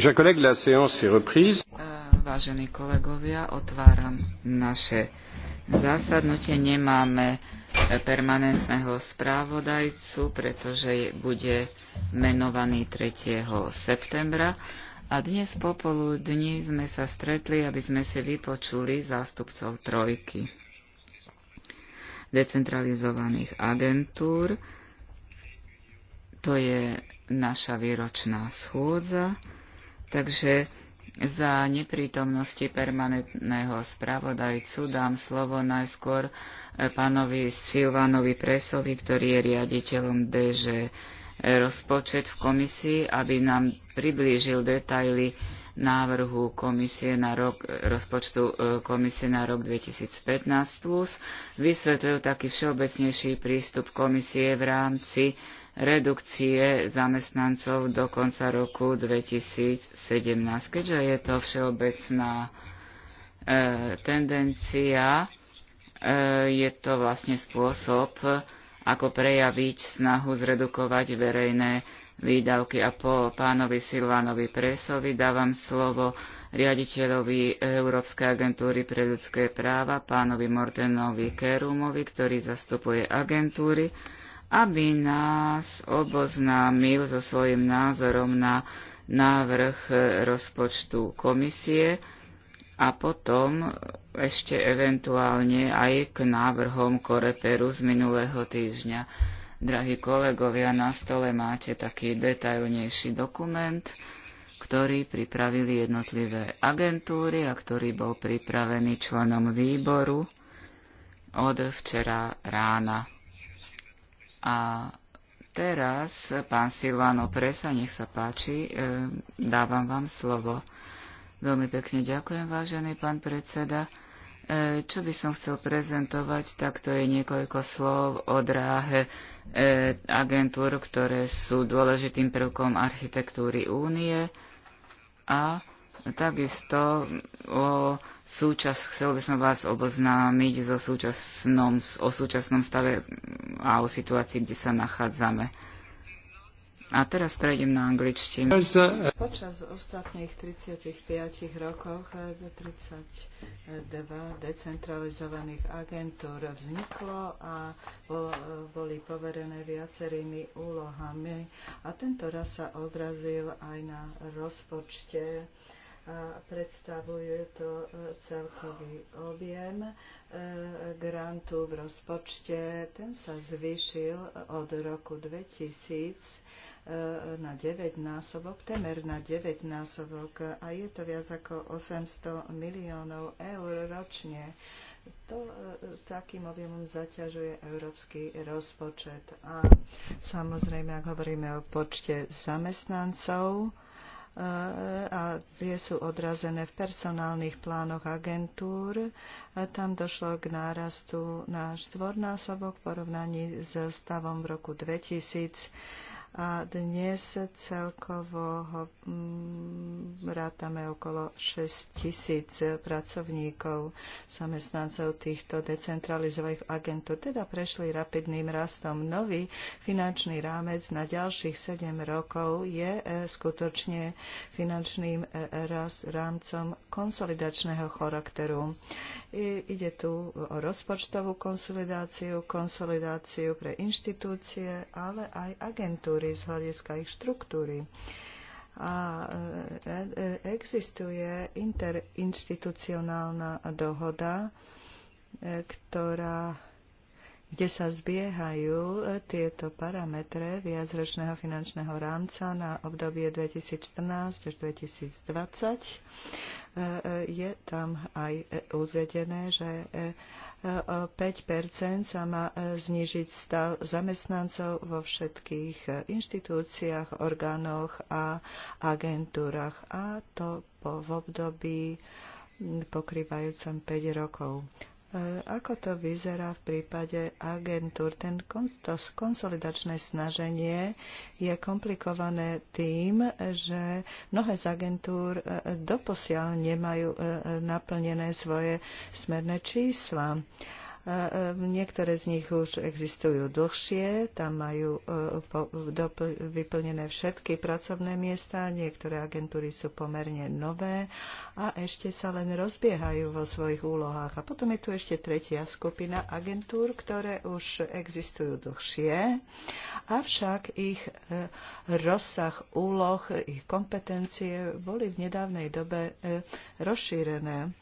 Vážení kolegovia, otváram naše zásadnutie. Nemáme e, permanentného správodajcu, pretože bude menovaný 3. septembra. A dnes popoludní sme sa stretli, aby sme si vypočuli zástupcov trojky decentralizovaných agentúr. To je naša výročná schôdza Takže za neprítomnosti permanentného spravodajcu dám slovo najskôr eh, pánovi Silvanovi Presovi, ktorý je riaditeľom DŽ rozpočet v komisii, aby nám priblížil detaily návrhu komisie na rok, eh, rozpočtu eh, komisie na rok 2015 plus vysvetlil taký všeobecnejší prístup komisie v rámci redukcie zamestnancov do konca roku 2017. Keďže je to všeobecná e, tendencia, e, je to vlastne spôsob, ako prejaviť snahu zredukovať verejné výdavky. A po pánovi Silvánovi Presovi dávam slovo riaditeľovi Európskej agentúry pre ľudské práva, pánovi Mortenovi Kerumovi, ktorý zastupuje agentúry aby nás oboznámil so svojím názorom na návrh rozpočtu komisie a potom ešte eventuálne aj k návrhom Koreperu z minulého týždňa. Drahí kolegovia, na stole máte taký detailnejší dokument, ktorý pripravili jednotlivé agentúry a ktorý bol pripravený členom výboru od včera rána. A teraz, pán Silvano Presa, nech sa páči, e, dávam vám slovo. Veľmi pekne ďakujem, vážený pán predseda. E, čo by som chcel prezentovať, tak to je niekoľko slov o dráhe e, agentúr, ktoré sú dôležitým prvkom architektúry únie a Takisto o súčas, chcel by som vás oboznámiť so súčasnom, o súčasnom stave a o situácii, kde sa nachádzame. A teraz prejdem na angličtinu. Počas ostatných 35 rokov 32 decentralizovaných agentúr vzniklo a boli poverené viacerými úlohami. A tento raz sa odrazil aj na rozpočte a predstavuje to e, celkový objem e, grantu v rozpočte. Ten sa zvyšil od roku 2000 e, na 9 násobok, temer na 9 násobok a je to viac ako 800 miliónov eur ročne. To takým objemom zaťažuje európsky rozpočet. A samozrejme, ak hovoríme o počte zamestnancov, a tie sú odrazené v personálnych plánoch agentúr. Tam došlo k nárastu na štvornásobok v porovnaní s stavom v roku 2000 a dnes celkovo ho mm, rátame okolo 6 tisíc pracovníkov, zamestnancov týchto decentralizovaných agentúr. Teda prešli rapidným rastom. Nový finančný rámec na ďalších 7 rokov je e, skutočne finančným e, rámcom konsolidačného charakteru. Ide tu o rozpočtovú konsolidáciu, konsolidáciu pre inštitúcie, ale aj agentúry kultúry, z hľadiska ich štruktúry. A e, e, existuje interinstitucionálna dohoda, e, ktorá kde sa zbiehajú e, tieto parametre viacročného finančného rámca na obdobie 2014 až 2020. E, e, je tam aj uvedené, že o 5 sa má znižiť stav zamestnancov vo všetkých inštitúciách, orgánoch a agentúrach. A to po, v období pokrývajúcom 5 rokov. Ako to vyzerá v prípade agentúr? Ten konsolidačné snaženie je komplikované tým, že mnohé z agentúr e, doposiaľ nemajú e, naplnené svoje smerné čísla. E, niektoré z nich už existujú dlhšie, tam majú e, vyplnené všetky pracovné miesta, niektoré agentúry sú pomerne nové a ešte sa len rozbiehajú vo svojich úlohách. A potom je tu ešte tretia skupina agentúr, ktoré už existujú dlhšie, avšak ich e, rozsah úloh, ich kompetencie boli v nedávnej dobe rozšírené.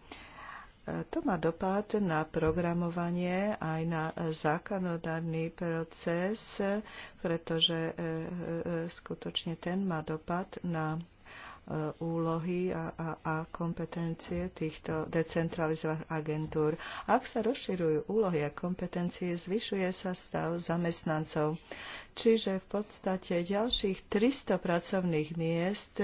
To má dopad na programovanie aj na zákonodárny proces, pretože e, e, e, skutočne ten má dopad na E, úlohy a, a, a kompetencie týchto decentralizovaných agentúr. Ak sa rozširujú úlohy a kompetencie, zvyšuje sa stav zamestnancov. Čiže v podstate ďalších 300 pracovných miest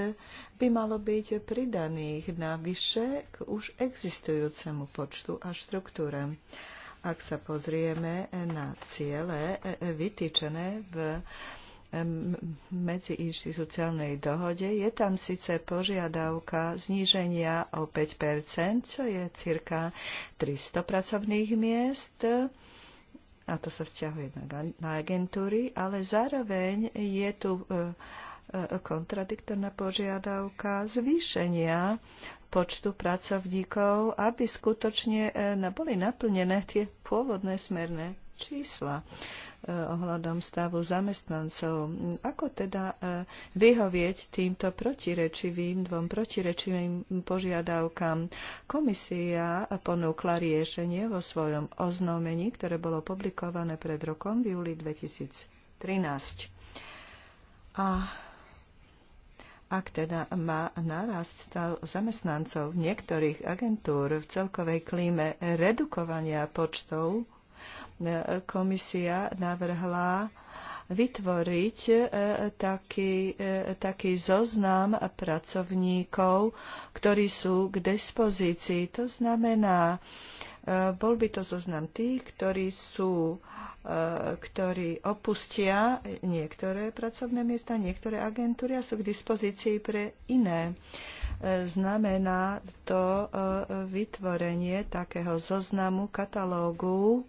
by malo byť pridaných navyše k už existujúcemu počtu a štruktúre. ak sa pozrieme na ciele e, e, vytýčené v medziinstitucionálnej dohode. Je tam síce požiadavka zníženia o 5 čo je cirka 300 pracovných miest a to sa vzťahuje na agentúry, ale zároveň je tu e, e, kontradiktorná požiadavka zvýšenia počtu pracovníkov, aby skutočne e, boli naplnené tie pôvodné smerné čísla ohľadom stavu zamestnancov. Ako teda e, vyhovieť týmto protirečivým, dvom protirečivým požiadavkám? Komisia ponúkla riešenie vo svojom oznámení, ktoré bolo publikované pred rokom v júli 2013. A ak teda má narast stav zamestnancov niektorých agentúr v celkovej klíme redukovania počtov, Komisia navrhla vytvoriť e, taký, e, taký zoznam pracovníkov, ktorí sú k dispozícii. To znamená, e, bol by to zoznam tých, ktorí sú ktorí opustia niektoré pracovné miesta, niektoré agentúry a sú k dispozícii pre iné. Znamená to vytvorenie takého zoznamu, katalógu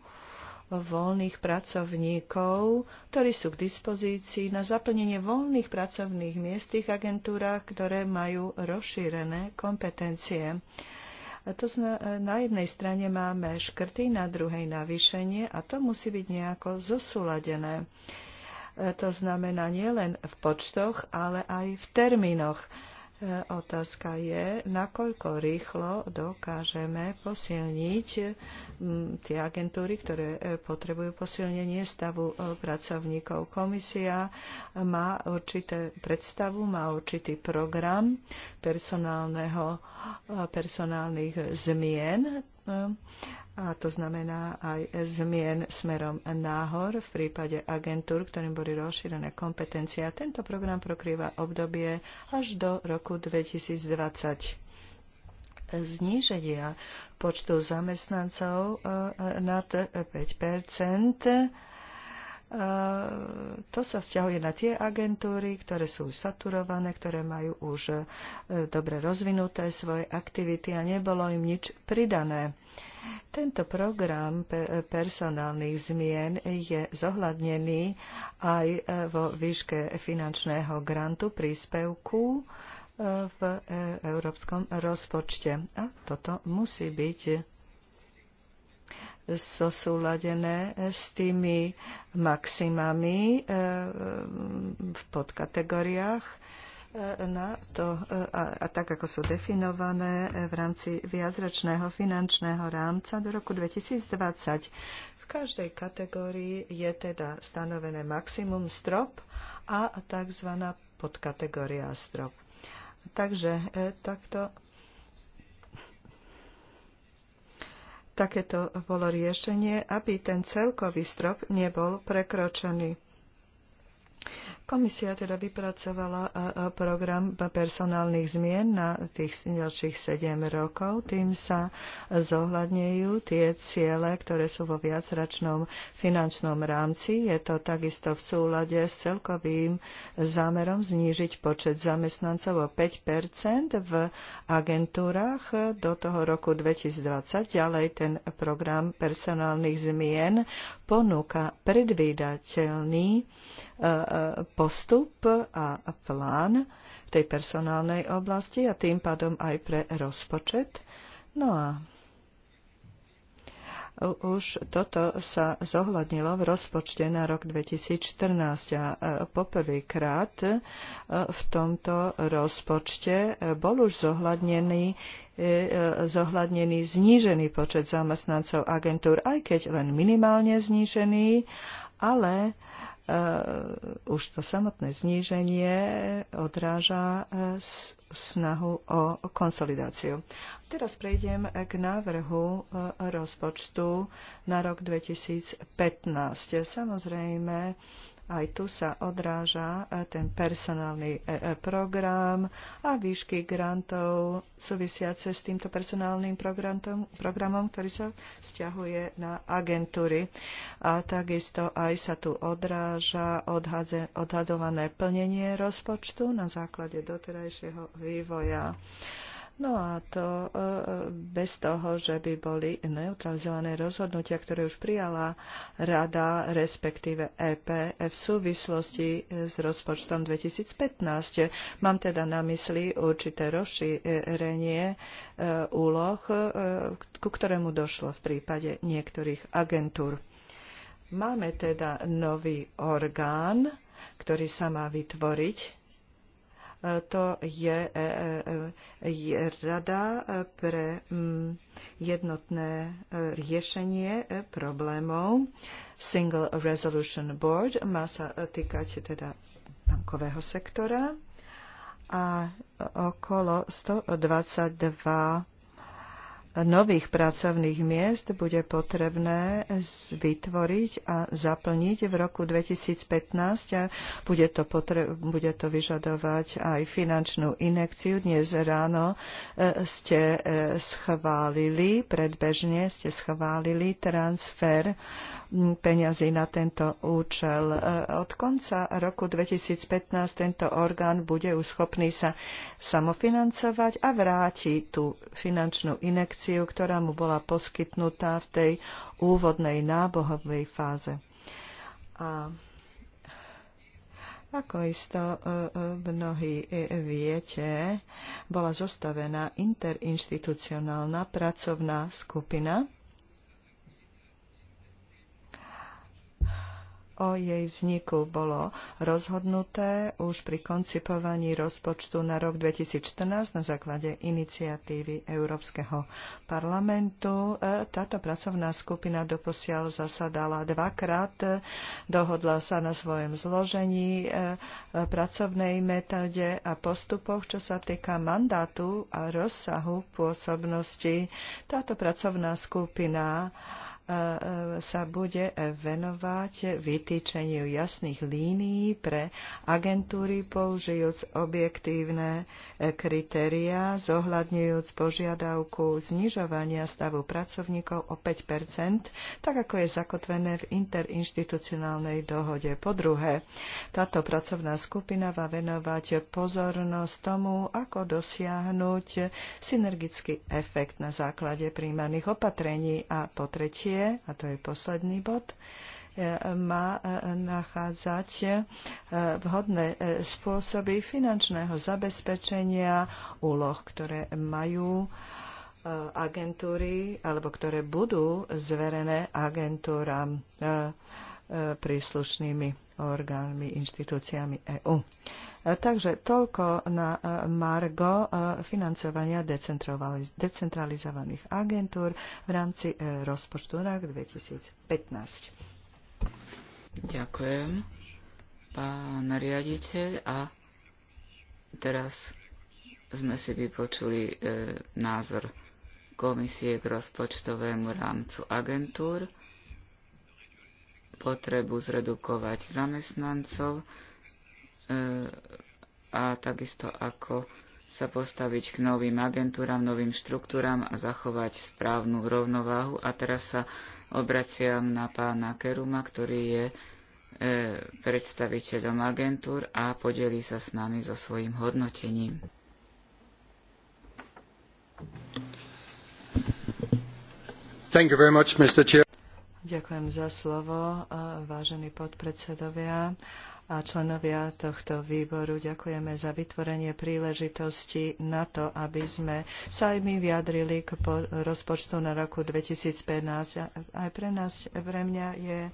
voľných pracovníkov, ktorí sú k dispozícii na zaplnenie voľných pracovných miest v tých agentúrach, ktoré majú rozšírené kompetencie. A to zna, na jednej strane máme škrty, na druhej navýšenie a to musí byť nejako zosúladené. E, to znamená nielen v počtoch, ale aj v termínoch. Otázka je, nakoľko rýchlo dokážeme posilniť tie agentúry, ktoré e, potrebujú posilnenie stavu e, pracovníkov. Komisia má určité predstavu, má určitý program e, personálnych zmien a to znamená aj zmien smerom náhor v prípade agentúr, ktorým boli rozšírené kompetencie. A tento program prokrýva obdobie až do roku 2020 zníženia počtu zamestnancov e, e, nad 5 to sa vzťahuje na tie agentúry, ktoré sú saturované, ktoré majú už e, dobre rozvinuté svoje aktivity a nebolo im nič pridané. Tento program e, personálnych zmien je zohľadnený aj e, vo výške finančného grantu príspevku v európskom rozpočte. A toto musí byť zosúladené s tými maximami e, v podkategóriách e, na to, e, a, a tak ako sú definované v rámci viacročného finančného rámca do roku 2020. V každej kategórii je teda stanovené maximum strop a tzv. podkategória strop. Takže takto Takéto bolo riešenie, aby ten celkový strop nebol prekročený. Komisia teda vypracovala e, e, program personálnych zmien na tých ďalších 7 rokov. Tým sa zohľadnejú tie ciele, ktoré sú vo viacračnom finančnom rámci. Je to takisto v súlade s celkovým zámerom znížiť počet zamestnancov o 5 v agentúrach do toho roku 2020. Ďalej ten program personálnych zmien ponúka predvídateľný e, postup a plán v tej personálnej oblasti a tým pádom aj pre rozpočet. No a už toto sa zohľadnilo v rozpočte na rok 2014 a e, poprvýkrát e, v tomto rozpočte bol už zohľadnený e, zohľadnený znížený počet zamestnancov agentúr, aj keď len minimálne znížený ale uh, už to samotné zníženie odráža e, snahu o konsolidáciu. Teraz prejdem k návrhu e, rozpočtu na rok 2015. Samozrejme, aj tu sa odráža e, ten personálny e, e, program a výšky grantov súvisiace s týmto personálnym programom, programom ktorý sa vzťahuje na agentúry. A takisto aj sa tu odráža odhadze, odhadované plnenie rozpočtu na základe doterajšieho vývoja. No a to e, bez toho, že by boli neutralizované rozhodnutia, ktoré už prijala Rada, respektíve EP v súvislosti s rozpočtom 2015. Mám teda na mysli určité rozšírenie e, úloh, e, ku ktorému došlo v prípade niektorých agentúr. Máme teda nový orgán, ktorý sa má vytvoriť to e, e, e, je, rada pre mm, jednotné riešenie problémov. Single Resolution Board má sa týkať teda bankového sektora a okolo 122 nových pracovných miest bude potrebné vytvoriť a zaplniť v roku 2015 a bude to, potre- bude to vyžadovať aj finančnú inekciu. Dnes ráno e, ste e, schválili, predbežne ste schválili transfer peňazí na tento účel. E, od konca roku 2015 tento orgán bude už schopný sa samofinancovať a vráti tú finančnú inekciu informáciu, ktorá mu bola poskytnutá v tej úvodnej nábohovej fáze. A ako isto e, e, mnohí e, viete, bola zostavená interinstitucionálna pracovná skupina, o jej vzniku bolo rozhodnuté už pri koncipovaní rozpočtu na rok 2014 na základe iniciatívy Európskeho parlamentu. E, táto pracovná skupina doposiaľ zasadala dvakrát, dohodla sa na svojom zložení, e, pracovnej metóde a postupoch, čo sa týka mandátu a rozsahu pôsobnosti. Táto pracovná skupina sa bude venovať vytýčeniu jasných línií pre agentúry, použijúc objektívne e, kritériá, zohľadňujúc požiadavku znižovania stavu pracovníkov o 5 tak ako je zakotvené v interinstitucionálnej dohode. Po druhé, táto pracovná skupina má venovať pozornosť tomu, ako dosiahnuť synergický efekt na základe príjmaných opatrení a po tretie, komisie, a to je posledný bod, e, má e, nachádzať e, vhodné spôsoby finančného zabezpečenia úloh, ktoré majú agentúry alebo ktoré budú zverené agentúram príslušnými orgánmi, inštitúciami EÚ. Takže toľko na e, margo e, financovania decentralizovaných agentúr v rámci e, rozpočtu na rok 2015. Ďakujem, pán riaditeľ. A teraz sme si vypočuli názor komisie k rozpočtovému rámcu agentúr, potrebu zredukovať zamestnancov, a takisto ako sa postaviť k novým agentúram, novým štruktúram a zachovať správnu rovnováhu. A teraz sa obraciam na pána Keruma, ktorý je e, predstaviteľom agentúr a podelí sa s nami so svojím hodnotením. Thank you very much, Mr. Chair. Ďakujem za slovo, e, vážení podpredsedovia a členovia tohto výboru. Ďakujeme za vytvorenie príležitosti na to, aby sme sa aj my vyjadrili k rozpočtu na roku 2015. Aj pre nás, pre mňa je e, e,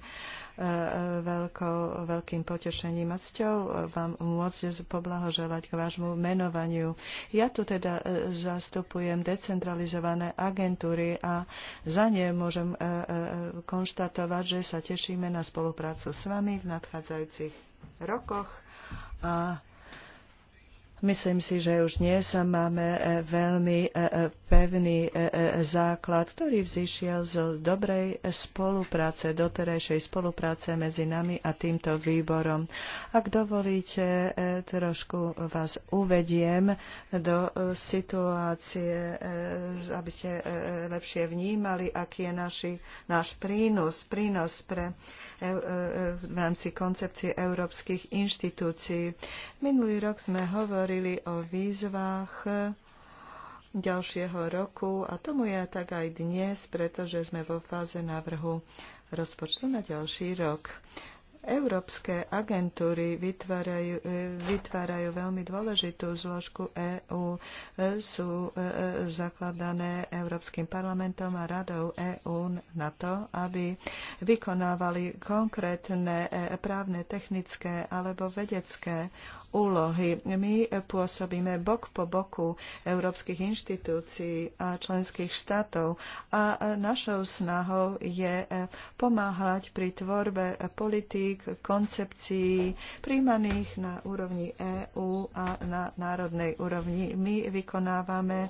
veľkou, veľkým potešením a cťou vám môcť poblahoželať k vášmu menovaniu. Ja tu teda e, zastupujem decentralizované agentúry a za ne môžem konštatovať, že sa tešíme na spoluprácu s vami v nadchádzajúcich rokoch a Myslím si, že už dnes máme e, veľmi e, e, pevný základ, ktorý vzýšiel z dobrej spolupráce, doterajšej spolupráce medzi nami a týmto výborom. Ak dovolíte, trošku vás uvediem do situácie, aby ste lepšie vnímali, aký je naši, náš prínos, prínos pre E, e, v rámci koncepcie európskych inštitúcií. Minulý rok sme hovorili o výzvach ďalšieho roku a tomu je tak aj dnes, pretože sme vo fáze návrhu rozpočtu na ďalší rok. Európske agentúry vytvárajú, e, vytvárajú veľmi dôležitú zložku EÚ. E, sú e, zakladané Európskym parlamentom a radou EÚ na to, aby vykonávali konkrétne právne, technické alebo vedecké úlohy. My pôsobíme bok po boku európskych inštitúcií a členských štátov a našou snahou je pomáhať pri tvorbe politík k koncepcií príjmaných na úrovni EÚ a na národnej úrovni. My vykonávame e,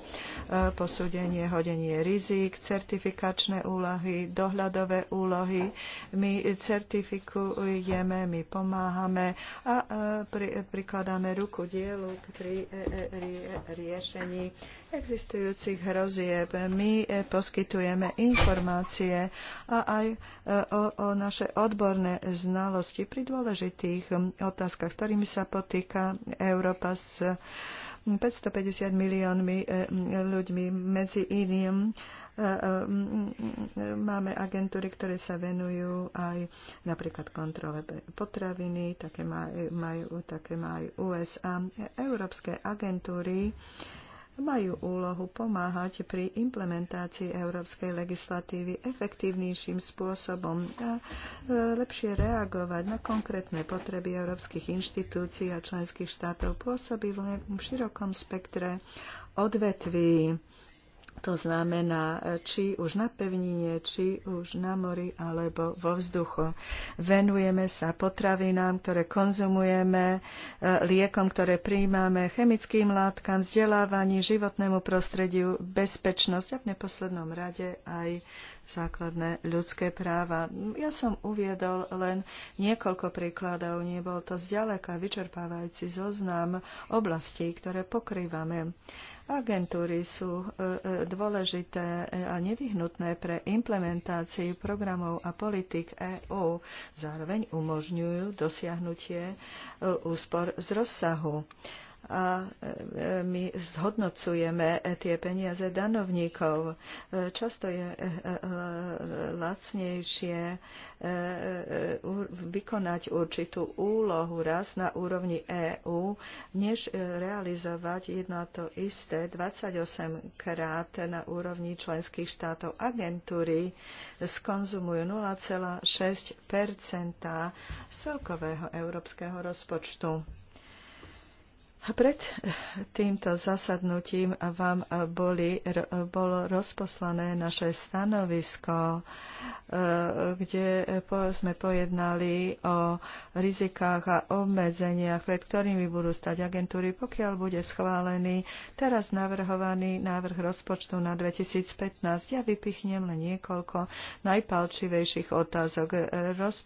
posúdenie, hodenie rizik, certifikačné úlohy, dohľadové úlohy. My certifikujeme, my pomáhame a e, pri, prikladáme ruku dielu pri e, riešení existujúcich hrozieb. My poskytujeme informácie a aj o, o naše odborné znalosti znalosti pri dôležitých hm, otázkach, s ktorými sa potýka Európa s 550 hm, miliónmi e, hm, ľuďmi. Medzi iným e, e, máme agentúry, ktoré sa venujú aj napríklad kontrole potraviny, také majú, majú, také majú USA. Európske agentúry majú úlohu pomáhať pri implementácii európskej legislatívy efektívnejším spôsobom a e, lepšie reagovať na konkrétne potreby európskych inštitúcií a členských štátov pôsobí v širokom spektre odvetví to znamená, či už na pevnine, či už na mori alebo vo vzduchu. Venujeme sa potravinám, ktoré konzumujeme, e, liekom, ktoré príjmame, chemickým látkam, vzdelávaní, životnému prostrediu, bezpečnosť a v neposlednom rade aj základné ľudské práva. Ja som uviedol len niekoľko príkladov, nebol to zďaleka vyčerpávajúci zoznam oblastí, ktoré pokrývame. Agentúry sú e, e, dôležité a nevyhnutné pre implementáciu programov a politik EÚ. Zároveň umožňujú dosiahnutie e, úspor z rozsahu a e, e, my zhodnocujeme tie peniaze danovníkov. E, často je lacnejšie vykonať určitú úlohu raz na úrovni EÚ, než realizovať jedno to isté 28 krát na úrovni členských štátov. Agentúry skonzumujú 0,6 celkového európskeho rozpočtu. Pred týmto zasadnutím vám boli, bolo rozposlané naše stanovisko, eh, kde sme pojednali o rizikách a obmedzeniach, pred ktorými budú stať agentúry, pokiaľ bude schválený teraz navrhovaný návrh rozpočtu na 2015. Ja vypichnem len niekoľko najpalčivejších otázok. Roz,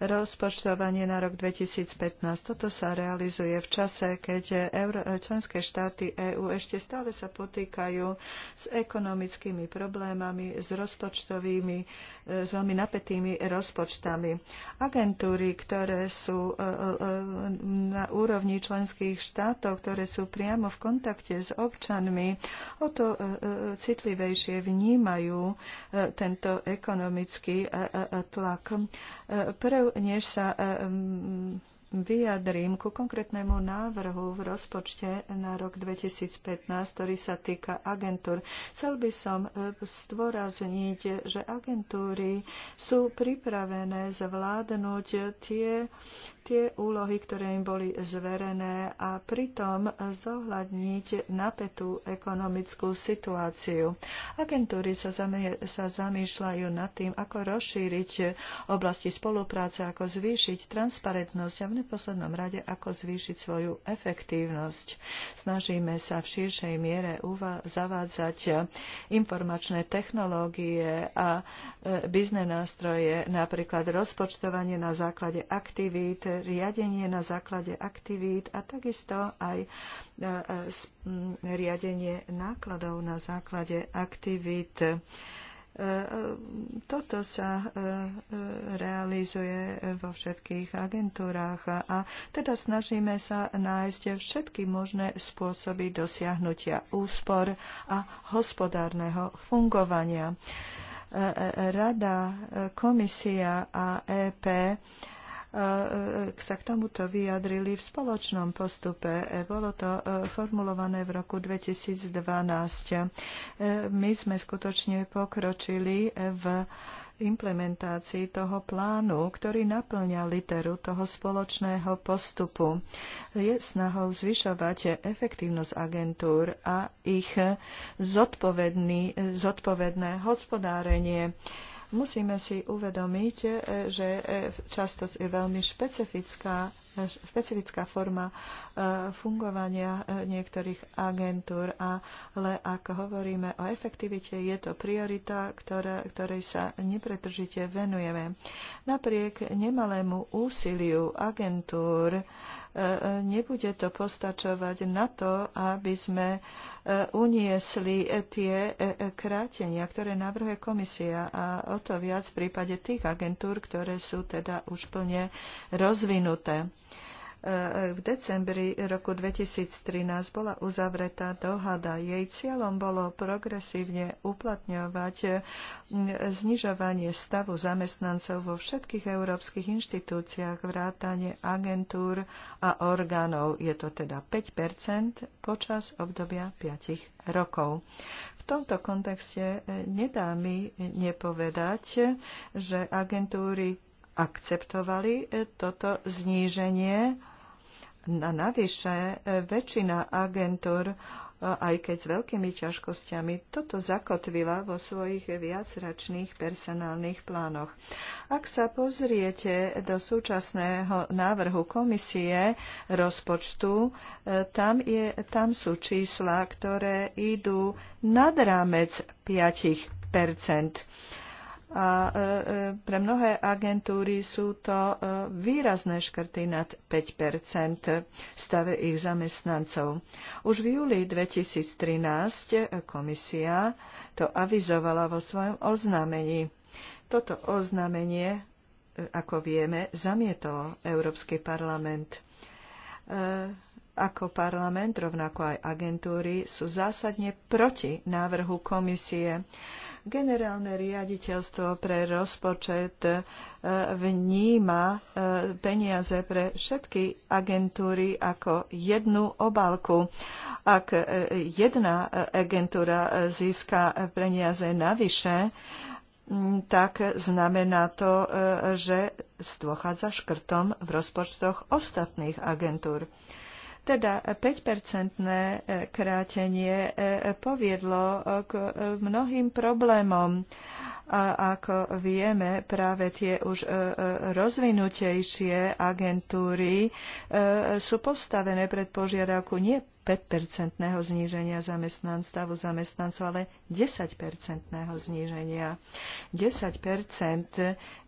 rozpočtovanie na rok 2015. Toto sa realizuje v čase, keď keď e, členské štáty EÚ ešte stále sa potýkajú s ekonomickými problémami, s rozpočtovými, e, s veľmi napätými rozpočtami. Agentúry, ktoré sú e, na úrovni členských štátov, ktoré sú priamo v kontakte s občanmi, o to citlivejšie vnímajú tento ekonomický tlak. Prv, než sa vyjadrím ku konkrétnemu návrhu v rozpočte na rok 2015, ktorý sa týka agentúr. Chcel by som stvorazniť, e, že agentúry sú pripravené zvládnuť tie tie úlohy, ktoré im boli zverené a pritom zohľadniť napätú ekonomickú situáciu. Agentúry sa, zami- sa zamýšľajú nad tým, ako rozšíriť oblasti spolupráce, ako zvýšiť transparentnosť a v neposlednom rade, ako zvýšiť svoju efektívnosť. Snažíme sa v širšej miere zavádzať informačné technológie a e, biznes nástroje, napríklad rozpočtovanie na základe aktivít, riadenie na základe aktivít a takisto aj e, e, riadenie nákladov na základe aktivít. E, toto sa realizuje vo všetkých agentúrách a teda snažíme sa nájsť všetky možné spôsoby dosiahnutia úspor a hospodárneho fungovania. Rada, komisia a EP E, e, sa k tomuto vyjadrili v spoločnom postupe. E, bolo to formulované v roku 2012. My sme skutočne pokročili v implementácii toho plánu, ktorý naplňa literu toho spoločného postupu. Je snahou zvyšovať efektívnosť agentúr a ich zodpovedné hospodárenie. Musíme si uvedomiť, e, že e, často je veľmi špecifická špecifická forma e, fungovania e, niektorých agentúr, ale ak hovoríme o efektivite, je to priorita, ktoré, ktorej sa nepretržite venujeme. Napriek nemalému úsiliu agentúr e, nebude to postačovať na to, aby sme uniesli tie krátenia, ktoré navrhuje komisia a o to viac v prípade tých agentúr, ktoré sú teda už plne rozvinuté v decembri roku 2013 bola uzavretá dohada. Jej cieľom bolo progresívne uplatňovať znižovanie stavu zamestnancov vo všetkých európskych inštitúciách, vrátanie agentúr a orgánov. Je to teda 5 počas obdobia 5 rokov. V tomto kontexte e, nedá mi nepovedať, že agentúry akceptovali e, toto zníženie na navyše e, väčšina agentúr, e, aj keď s veľkými ťažkosťami, toto zakotvila vo svojich viacračných personálnych plánoch. Ak sa pozriete do súčasného návrhu komisie rozpočtu, e, tam, je, tam sú čísla, ktoré idú nad rámec 5 a e, e, pre mnohé agentúry sú to e, výrazné škrty nad 5 stave ich zamestnancov. Už v júli 2013 komisia to avizovala vo svojom oznámení. Toto oznámenie, ako vieme, zamietol Európsky parlament ako parlament, rovnako aj agentúry, sú zásadne proti návrhu komisie. Generálne riaditeľstvo pre rozpočet e, vníma e, peniaze pre všetky agentúry ako jednu obálku. Ak e, jedna agentúra získa peniaze navyše, tak znamená to, že dôchádza škrtom v rozpočtoch ostatných agentúr. Teda 5-percentné e, krátenie e, poviedlo e, k mnohým problémom. A ako vieme, práve tie už rozvinutejšie agentúry sú postavené pred požiadavku nie 5-percentného zníženia zamestnanstva zamestnancov, ale 10-percentného zníženia. 10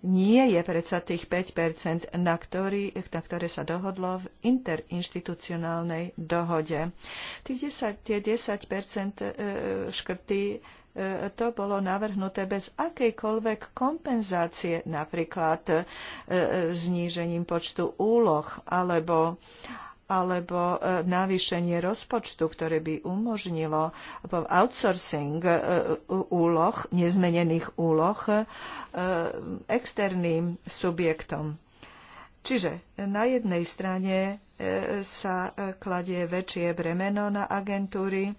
nie je predsa tých 5 na, ktorý, na ktoré sa dohodlo v interinstitucionálnej dohode. Tých 10, tie 10 e, škrty e, to bolo navrhnuté bez akejkoľvek kompenzácie, napríklad e, znížením počtu úloh alebo alebo e, navýšenie rozpočtu, ktoré by umožnilo e, outsourcing e, úloh, nezmenených úloh externým subjektom. Čiže na jednej strane sa kladie väčšie bremeno na agentúry,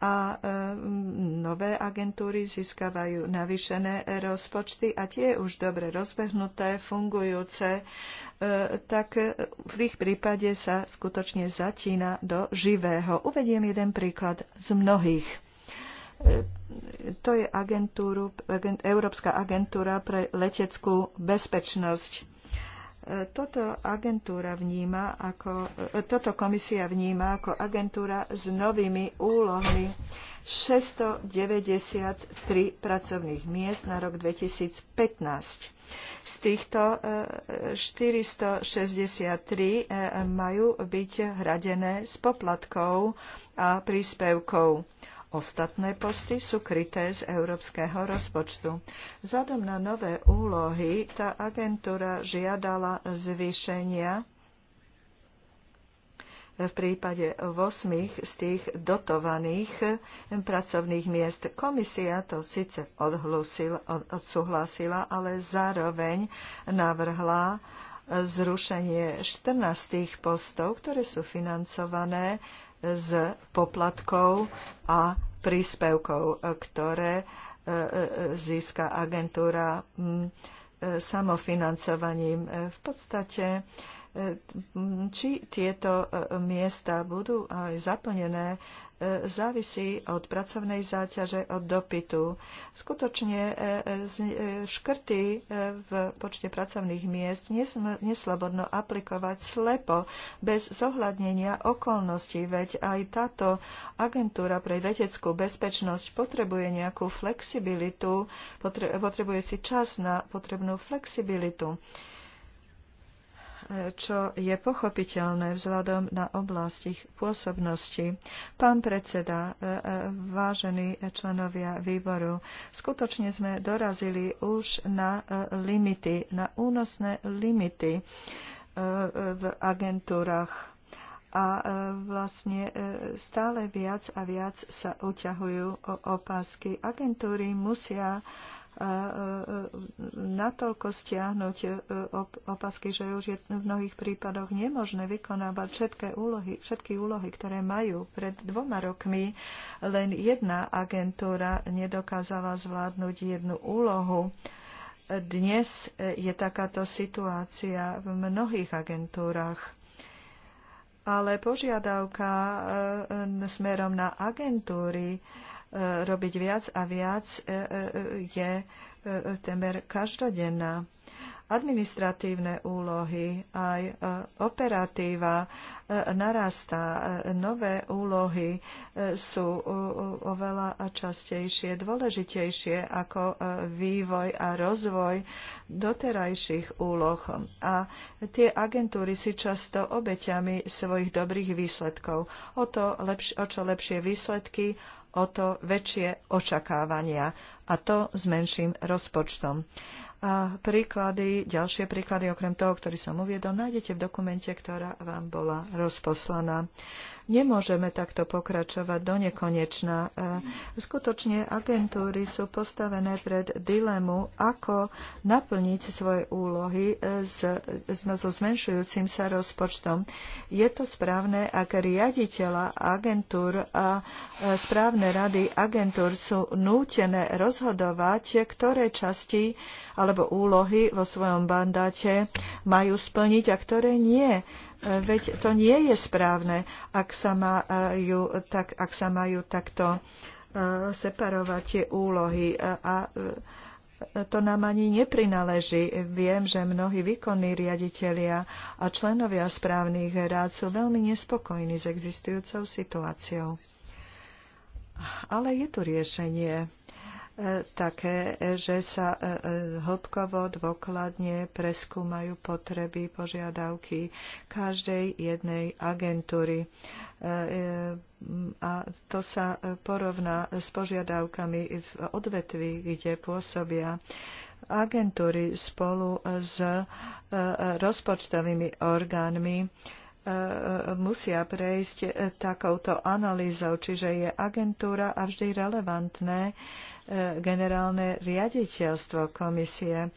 a mm, nové agentúry získavajú navýšené rozpočty a tie už dobre rozbehnuté, fungujúce, e, tak v ich prípade sa skutočne zatína do živého. Uvediem jeden príklad z mnohých e, to je agentúru, agent, Európska agentúra pre leteckú bezpečnosť. Toto agentúra vníma ako, e, toto komisia vníma ako agentúra s novými úlohmi 693 pracovných miest na rok 2015. Z týchto 463 e, e, majú byť hradené s poplatkou a príspevkou Ostatné posty sú kryté z európskeho rozpočtu. Vzhľadom na nové úlohy tá agentúra žiadala zvýšenia v prípade 8 z tých dotovaných pracovných miest. Komisia to síce odsúhlasila, ale zároveň navrhla zrušenie 14 postov, ktoré sú financované z poplatkov a príspevkov, e, ktoré e, e, získa agentúra samofinancovaním. V podstate či tieto e, miesta budú aj zaplnené, e, závisí od pracovnej záťaže, od dopytu. Skutočne e, škrty v počte pracovných miest neslobodno aplikovať slepo, bez zohľadnenia okolností, veď aj táto agentúra pre leteckú bezpečnosť potrebuje nejakú flexibilitu, potrebuje si čas na potrebnú flexibilitu čo je pochopiteľné vzhľadom na oblasť ich pôsobnosti. Pán predseda, e, e, vážení členovia výboru, skutočne sme dorazili už na e, limity, na únosné limity v agentúrach a vlastne stále viac a viac sa uťahujú o Agentúry musia a natoľko stiahnuť e, opasky, že už je v mnohých prípadoch nemožné vykonávať všetky úlohy, všetky úlohy, ktoré majú. Pred dvoma rokmi len jedna agentúra nedokázala zvládnuť jednu úlohu. Dnes e, je takáto situácia v mnohých agentúrach ale požiadavka e, smerom na agentúry robiť viac a viac e, e, e, je temer každodenná. Administratívne úlohy, aj operatíva narastá. Nové úlohy sú oveľa častejšie, dôležitejšie ako vývoj a rozvoj doterajších úloh. A tie agentúry si často obeťami svojich dobrých výsledkov. O, to lepš- o čo lepšie výsledky, o to väčšie očakávania a to s menším rozpočtom. A príklady, ďalšie príklady, okrem toho, ktorý som uviedol, nájdete v dokumente, ktorá vám bola rozposlaná. Nemôžeme takto pokračovať do nekonečna. E, skutočne agentúry sú postavené pred dilemu, ako naplniť svoje úlohy e, no, so zmenšujúcim sa rozpočtom. Je to správne, ak riaditeľa agentúr a e, správne rady agentúr sú nútené roz rozhodovať, ktoré časti alebo úlohy vo svojom bandáte majú splniť a ktoré nie. Veď to nie je správne, ak sa majú, tak, ak sa majú takto e, separovať tie úlohy. A e, to nám ani neprináleží. Viem, že mnohí výkonní riaditeľia a členovia správnych rád sú veľmi nespokojní s existujúcou situáciou. Ale je tu riešenie také, že sa e, e, hĺbkovo, dôkladne preskúmajú potreby, požiadavky každej jednej agentúry. E, a to sa porovná s požiadavkami v odvetví, kde pôsobia agentúry spolu s rozpočtovými orgánmi musia prejsť takouto analýzou, čiže je agentúra a vždy relevantné E, generálne riaditeľstvo komisie.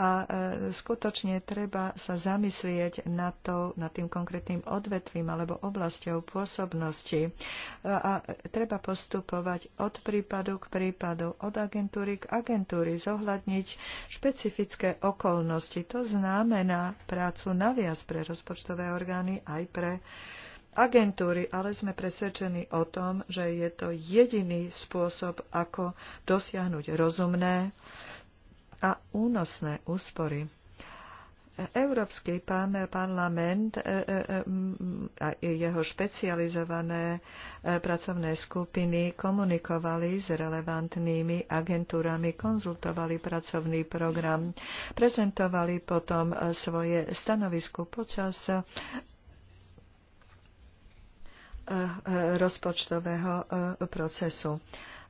A e, skutočne treba sa zamyslieť nad, to, nad tým konkrétnym odvetvím alebo oblasťou pôsobnosti. E, a treba postupovať od prípadu k prípadu, od agentúry k agentúry, zohľadniť špecifické okolnosti. To znamená prácu naviac pre rozpočtové orgány aj pre uh, agentúry, ale sme presvedčení o tom, že je to jediný spôsob, ako dosiahnuť rozumné a únosné úspory. Európsky parlament e, e, e, a jeho špecializované pracovné skupiny komunikovali s relevantnými agentúrami, konzultovali pracovný program, prezentovali potom svoje stanovisko počas rozpočtového e, procesu.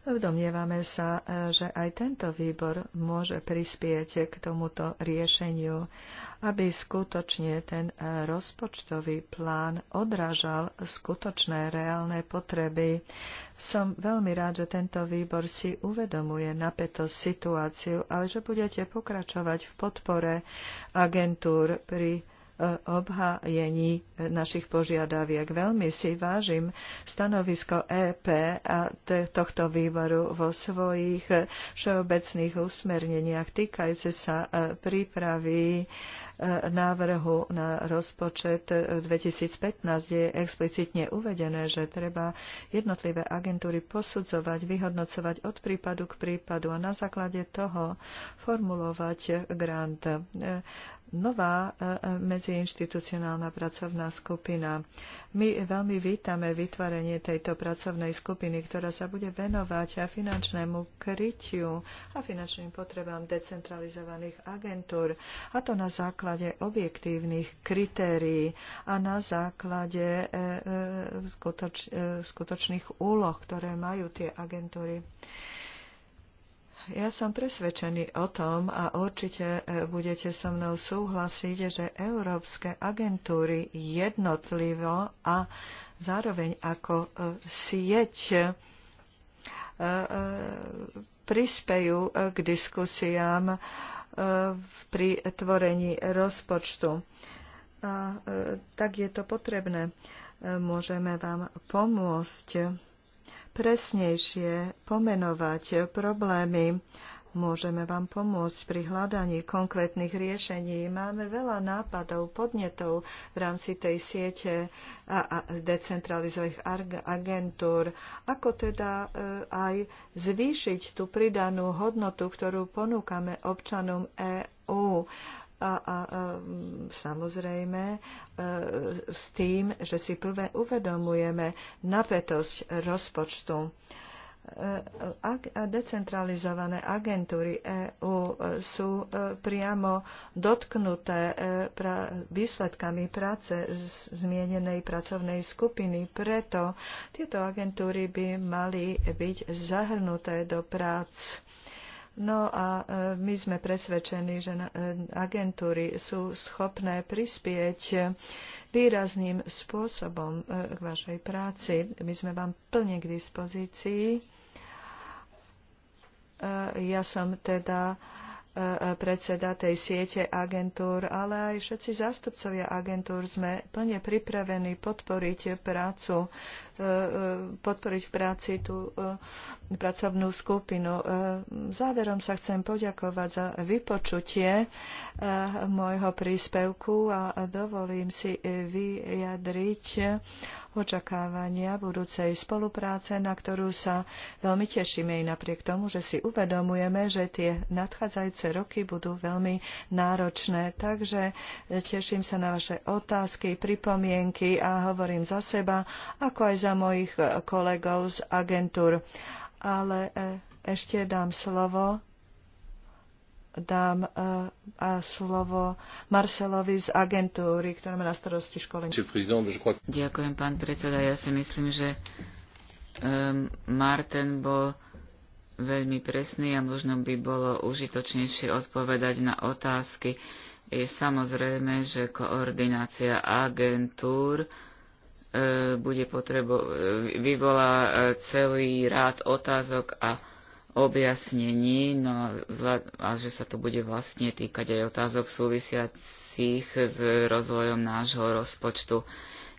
Domnievame sa, e, že aj tento výbor môže prispieť k tomuto riešeniu, aby skutočne ten e, rozpočtový plán odrážal skutočné reálne potreby. Som veľmi rád, že tento výbor si uvedomuje napätosť situáciu, ale že budete pokračovať v podpore agentúr pri obhájení našich požiadaviek. Veľmi si vážim stanovisko EP a tohto výboru vo svojich všeobecných usmerneniach týkajúce sa e, prípravy e, návrhu na rozpočet 2015 je explicitne uvedené, že treba jednotlivé agentúry posudzovať, vyhodnocovať od prípadu k prípadu a na základe toho formulovať grant. E, nová e, e, medziinštitucionálna pracovná skupina. My veľmi vítame vytvorenie tejto pracovnej skupiny, ktorá sa bude venovať a finančnému krytiu a finančným potrebám decentralizovaných agentúr, a to na základe objektívnych kritérií a na základe e, skutočných úloh, ktoré majú tie agentúry. Ja som presvedčený o tom a určite e, budete so mnou súhlasiť, že európske agentúry jednotlivo a zároveň ako e, sieť e, prispejú k diskusiám pri tvorení rozpočtu. A tak je to potrebné. Môžeme vám pomôcť presnejšie pomenovať problémy. Môžeme vám pomôcť pri hľadaní konkrétnych riešení. Máme veľa nápadov, podnetov v rámci tej siete a, decentralizovaných agentúr. Ako teda e, aj zvýšiť tú pridanú hodnotu, ktorú ponúkame občanom EÚ? a, a, samozrejme e, s tým, že si prvé uvedomujeme napätosť rozpočtu e, decentralizované agentúry EÚ e, sú priamo dotknuté výsledkami práce zmienenej pracovnej skupiny. Preto tieto agentúry by mali byť zahrnuté do prác No a e, my sme presvedčení, že e, agentúry sú schopné prispieť výrazným spôsobom e, k vašej práci. My sme vám plne k dispozícii. Ja som teda predseda tej siete agentúr, ale aj všetci zástupcovia agentúr sme plne pripravení podporiť prácu E, e, podporiť v práci tú e, pracovnú skupinu. Záverom sa chcem poďakovať za vypočutie môjho príspevku a dovolím si vyjadriť očakávania budúcej spolupráce, na ktorú sa veľmi tešíme i napriek tomu, že si uvedomujeme, že tie nadchádzajúce roky budú veľmi náročné. Takže teším sa na vaše otázky, pripomienky a hovorím za seba, ako aj za mojich e, kolegov z agentúr. Ale e, ešte dám slovo dám e, a slovo Marcelovi z agentúry, ktorá má na starosti školenie. Ďakujem, pán predseda. Ja si myslím, že Martin bol veľmi presný a možno by bolo užitočnejšie odpovedať na otázky. Je samozrejme, že koordinácia agentúr E, bude potrebo, e, vyvolá e, celý rád otázok a objasnení, no a, zla, a že sa to bude vlastne týkať aj otázok súvisiacich s rozvojom nášho rozpočtu.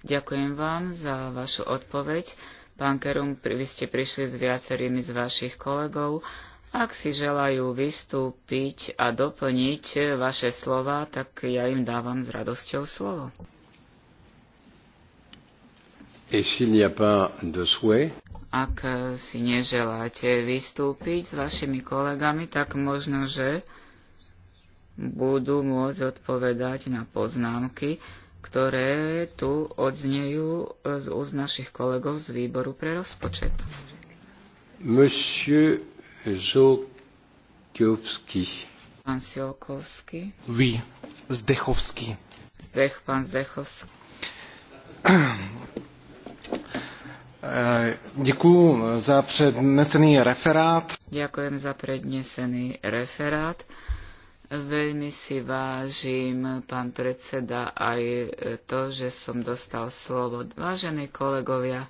Ďakujem vám za vašu odpoveď. Pán Kerum, vy ste prišli s viacerými z vašich kolegov. Ak si želajú vystúpiť a doplniť vaše slova, tak ja im dávam s radosťou slovo. Ak eh, si neželáte vystúpiť s vašimi kolegami, tak možno, že budú môcť odpovedať na poznámky, ktoré tu odznejú eh, z úz našich kolegov z výboru pre rozpočet. Monsieur Žokovský. Pán Siolkovský. Vy, Zdechovský. Zdech, pán Zdechovský Ďakujem za prednesený referát. Veľmi si vážim, pán predseda, aj to, že som dostal slovo. Vážení kolegovia,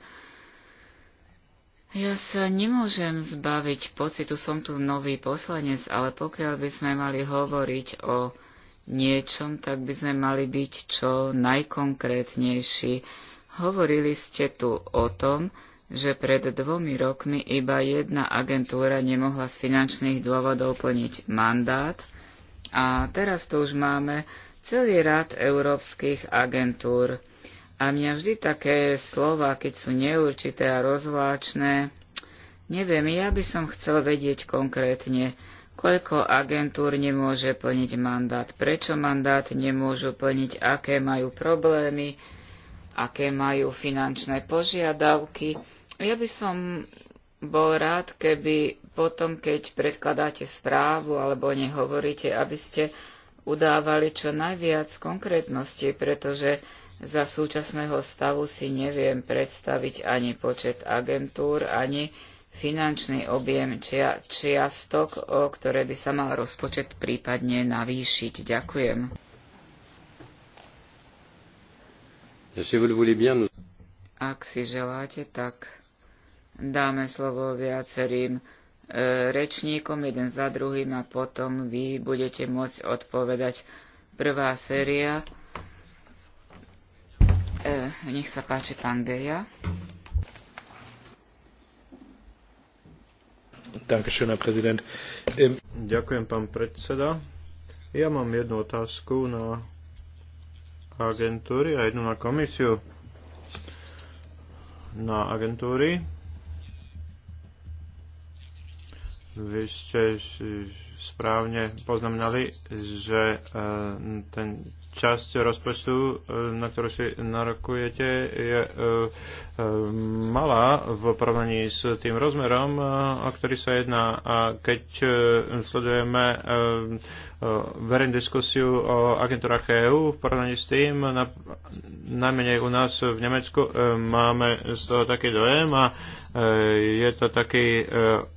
ja sa nemôžem zbaviť pocitu, som tu nový poslanec, ale pokiaľ by sme mali hovoriť o niečom, tak by sme mali byť čo najkonkrétnejší Hovorili ste tu o tom, že pred dvomi rokmi iba jedna agentúra nemohla z finančných dôvodov plniť mandát a teraz tu už máme celý rad európskych agentúr. A mňa vždy také slova, keď sú neurčité a rozvláčne, neviem, ja by som chcel vedieť konkrétne, koľko agentúr nemôže plniť mandát, prečo mandát nemôžu plniť, aké majú problémy, aké majú finančné požiadavky. Ja by som bol rád, keby potom, keď predkladáte správu alebo o nej hovoríte, aby ste udávali čo najviac konkrétnosti, pretože za súčasného stavu si neviem predstaviť ani počet agentúr, ani finančný objem čia, čiastok, o ktoré by sa mal rozpočet prípadne navýšiť. Ďakujem. Ak si želáte, tak dáme slovo viacerým e, rečníkom, jeden za druhým a potom vy budete môcť odpovedať. Prvá séria. E, nech sa páči, pán Geja. Ďakujem, pán predseda. Ja mám jednu otázku na agentúry a jednu na komisiu. Na agentúry. Vy ste správne poznamenali, že eh, ten časť rozpočtu, eh, na ktorú si narokujete, je eh, malá v porovnaní s tým rozmerom, o ktorý sa jedná. A keď sledujeme E, verejnú diskusiu o agentúrach EÚ v porovnaní s tým, na, najmenej u nás v Nemecku e, máme z toho taký dojem a e, je to taký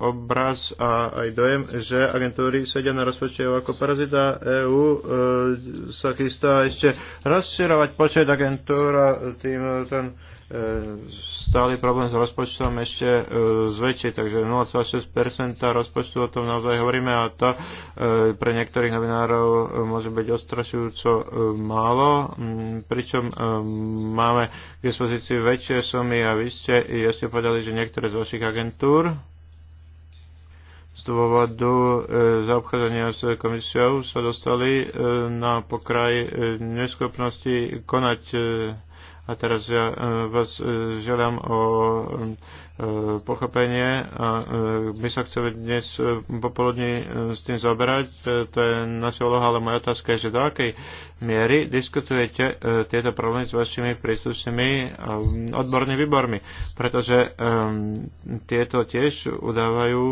obraz a aj dojem, že agentúry sedia na rozpočte ako parazita EÚ sa chystá ešte rozširovať počet agentúr a tým ten stály problém s rozpočtom ešte e, zväčší, takže 0,6% rozpočtu o tom naozaj hovoríme a to e, pre niektorých novinárov môže byť ostrašujúco e, málo, mm, pričom máme k dispozícii väčšie sumy a vy ste, ja ste povedali, že niektoré z vašich agentúr z dôvodu e, zaobchádzania s komisiou sa dostali e, na pokraj e, neschopnosti konať e, a teraz ja e, vás e, žiadam o e, pochopenie a my sa chceme dnes popoludní s tým zaoberať. To je naša úloha, ale moja otázka je, že do akej miery diskutujete e, tieto problémy s vašimi príslušnými e, odbornými výbormi, pretože e, tieto tiež udávajú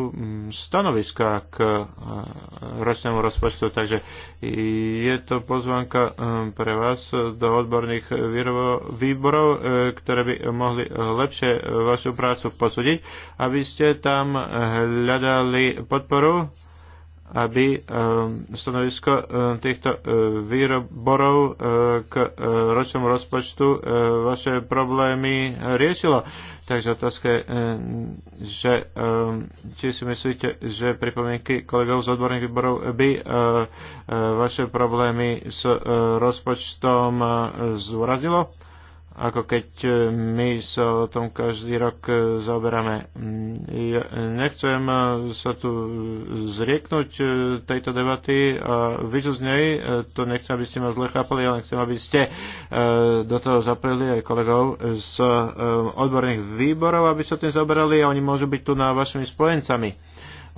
stanoviska k ročnému rozpočtu, takže je to pozvanka pre vás do odborných výborov, ktoré by mohli lepšie vašu prácu posúdiť, aby ste tam hľadali podporu aby eh, stanovisko eh, týchto eh, výborov k ročnému rozpočtu vaše problémy riešilo. Takže otázka je, že či si myslíte, že pripomienky kolegov z odborných výborov by vaše problémy s rozpočtom zúrazilo? ako keď e, my sa o tom každý rok e, zaoberáme. Mm, ja nechcem e, sa tu zrieknúť tejto debaty a vyžu z nej, to nechcem, aby ste ma zle chápali, ale chcem, aby ste do toho zapreli aj kolegov z odborných výborov, aby sa tým zaoberali a oni môžu byť tu na vašimi spojencami.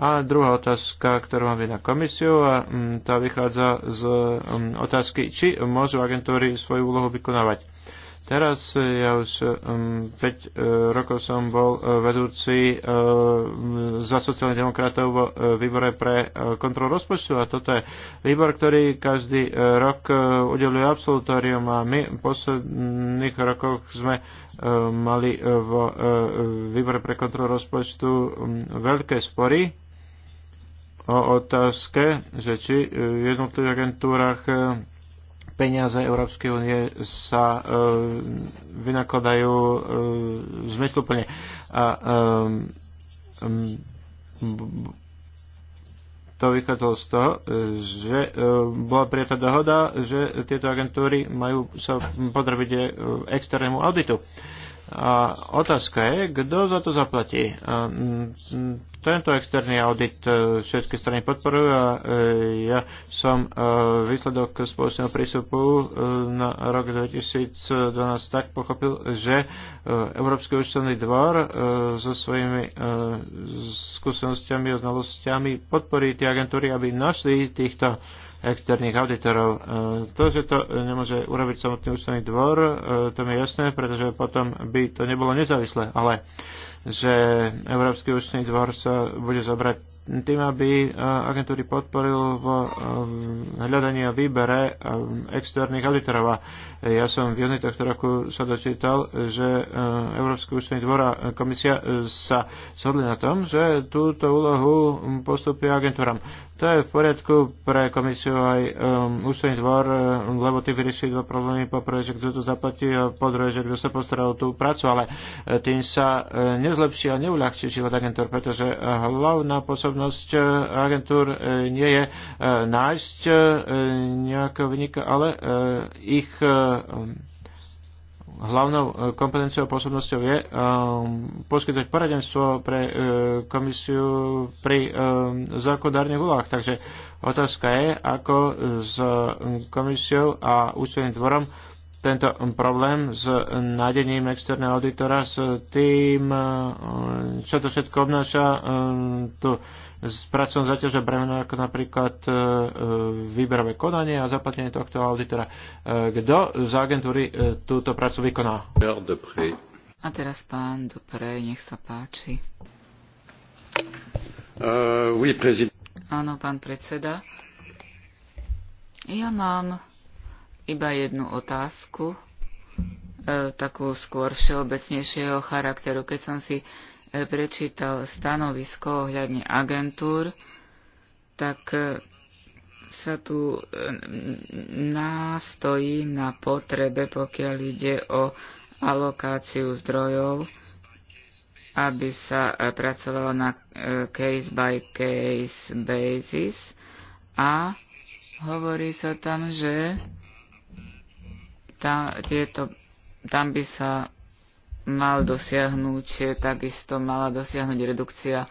A druhá otázka, ktorú mám na komisiu, a mm, tá vychádza z mm, otázky, či môžu agentúry svoju úlohu vykonávať Teraz ja už um, 5 uh, rokov som bol uh, vedúci uh, za sociálnych demokratov vo uh, výbore pre uh, kontrolu rozpočtu a toto je výbor, ktorý každý uh, rok uh, udeluje absolutórium a my v posledných rokoch sme uh, mali uh, v uh, výbore pre kontrolu rozpočtu um, veľké spory o otázke, že či uh, v jednotlivých agentúrach uh, peniaze Európskej únie sa e, vynakladajú e, zmysluplne. A e, to vychádzalo z toho, že bola prijatá dohoda, že tieto agentúry majú sa podrobiť externému auditu. A otázka je, kto za to zaplatí. A tento externý audit e, všetky strany podporujú a e, ja som e, výsledok spoločného prístupu na rok 2012 tak pochopil, že Európsky účtovný dvor so svojimi skúsenostiami a znalostiami podporí tie agentúry, aby našli týchto externých auditorov. To, že to nemôže urobiť samotný účtovný dvor, to mi je jasné, pretože potom by to nebolo nezávislé, ale že Európsky účný dvor sa bude zobrať tým, aby e, agentúry podporil v e, hľadaní a výbere e, externých auditorov. ja som v júni tohto roku sa dočítal, že Európsky účtný dvor a komisia sa shodli na tom, že túto úlohu postupia agentúram. To je v poriadku pre komisiu aj účný dvor, lebo ty vyriešili dva problémy. Po prvé, že kto to zaplatí a po druhé, že kto sa postaral tú prácu, ale tým sa nez nezlepší a neuľahčí život agentúr, pretože hlavná posobnosť eh, agentúr eh, nie je eh, nájsť nejakého vynika, ale ich hlavnou kompetenciou a posobnosťou je um, poskytovať poradenstvo pre komisiu pri zákonodárnych úlohách. Takže otázka je, ako s komisiou a účelným dvorom tento problém s nádením externého auditora, s tým, e, čo to všetko obnáša, e, to s pracou zaťaža bremena, ako napríklad e, výberové konanie a zaplatenie tohto auditora. Kto z agentúry túto prácu vykoná? A teraz pán Dupre, nech sa páči. Uh, oui, Áno, pán predseda. Ja mám iba jednu otázku, e, takú skôr všeobecnejšieho charakteru. Keď som si e, prečítal stanovisko ohľadne agentúr, tak e, sa tu nástojí na potrebe, pokiaľ ide o alokáciu zdrojov, aby sa pracovalo na case by case basis a hovorí sa tam, že tá, tieto, tam by sa mal dosiahnuť, eh, takisto mala dosiahnuť redukcia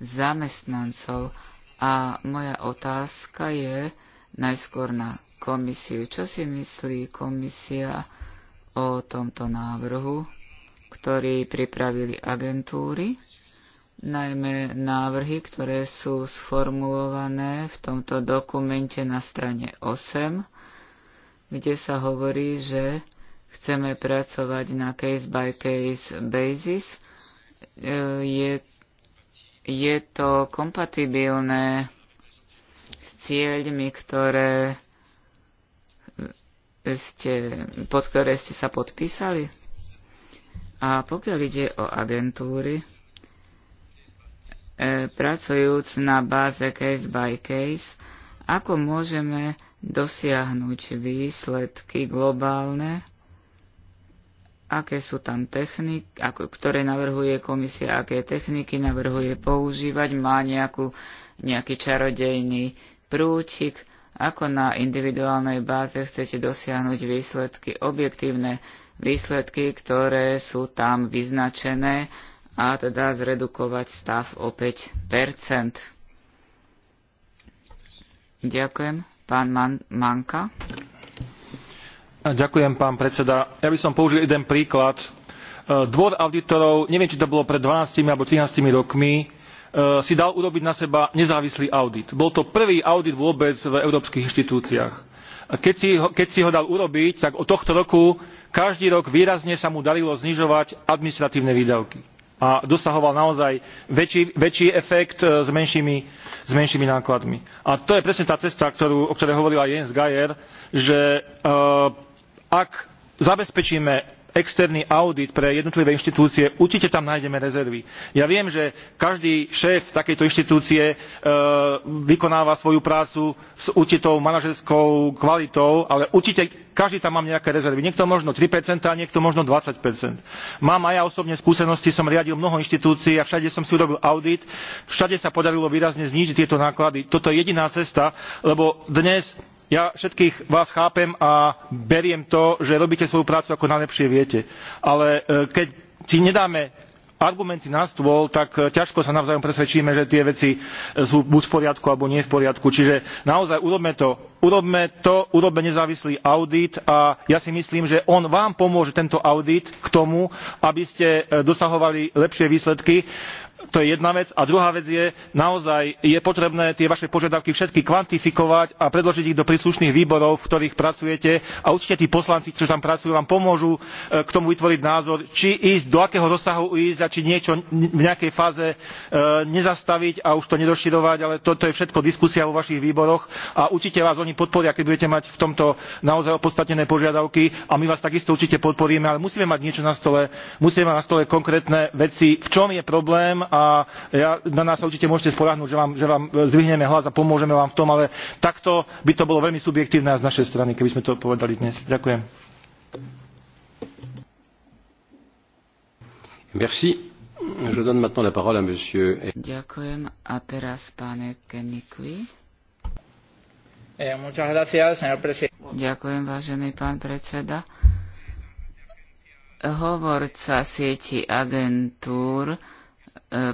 zamestnancov. A moja otázka je najskôr na komisiu. Čo si myslí komisia o tomto návrhu, ktorý pripravili agentúry? najmä návrhy, ktoré sú sformulované v tomto dokumente na strane 8 kde sa hovorí, že chceme pracovať na case by case basis. E, je, je to kompatibilné s cieľmi, ktoré ste, pod ktoré ste sa podpísali? A pokiaľ ide o agentúry, e, pracujúc na báze case by case, ako môžeme dosiahnuť výsledky globálne, aké sú tam techniky, ako, ktoré navrhuje komisia, aké techniky navrhuje používať, má nejakú, nejaký čarodejný prútik, ako na individuálnej báze chcete dosiahnuť výsledky, objektívne výsledky, ktoré sú tam vyznačené a teda zredukovať stav o 5 Ďakujem. Pán Man- Manka. Ďakujem, pán predseda. Ja by som použil jeden príklad. E, dvor auditorov, neviem, či to bolo pred 12 alebo 13 rokmi, e, si dal urobiť na seba nezávislý audit. Bol to prvý audit vôbec v európskych inštitúciách. A keď si, ho, keď si ho dal urobiť, tak od tohto roku každý rok výrazne sa mu darilo znižovať administratívne výdavky a dosahoval naozaj väčší, väčší efekt e, s menšími, s menšími nákladmi. A to je presne tá cesta, ktorú, o ktorej hovoril aj Jens Geier, že e, ak zabezpečíme externý audit pre jednotlivé inštitúcie určite tam nájdeme rezervy. ja viem že každý šéf takejto inštitúcie e, vykonáva svoju prácu s určitou manažerskou kvalitou ale určite každý tam mám nejaké rezervy. niekto možno three niekto možno twenty mám aj ja osobne skúsenosti som riadil mnoho inštitúcií a všade som si urobil audit všade sa podarilo výrazne znížiť tieto náklady. toto je jediná cesta lebo dnes ja všetkých vás chápem a beriem to že robíte svoju prácu ako najlepšie viete ale e, keď si nedáme argumenty na stôl tak e, ťažko sa navzájom presvedčíme že tie veci e, sú buď v poriadku alebo nie v poriadku čiže naozaj urobme to urobme to urobme nezávislý audit a ja si myslím že on vám pomôže tento audit k tomu aby ste dosahovali lepšie výsledky to je jedna vec a druhá vec je naozaj je potrebné tie vaše požiadavky všetky kvantifikovať a predložiť ich do príslušných výborov v ktorých pracujete a určite tí poslanci čo tam pracujú vám pomôžu e, k tomu vytvoriť názor či ísť do akého rozsahu ísť a či niečo v nejakej fáze e, nezastaviť a už to nedoširovať ale toto je všetko diskusia vo vašich výboroch a určite vás oni podporia keď budete mať v tomto naozaj opodstatnené požiadavky a my vás takisto určite podporíme ale musíme mať niečo na stole musíme mať na stole konkrétne veci v čom je problém a ja, na nás sa určite môžete spolahnúť, že vám, že vám zdvihneme hlas a pomôžeme vám v tom, ale takto by to bolo veľmi subjektívne z našej strany, keby sme to povedali dnes. Ďakujem. Merci. Je donne maintenant la parole à monsieur. E. Ďakujem. A teraz pane Kenikui. Eh, Ďakujem, vážený pán predseda. Hovorca sieti agentúr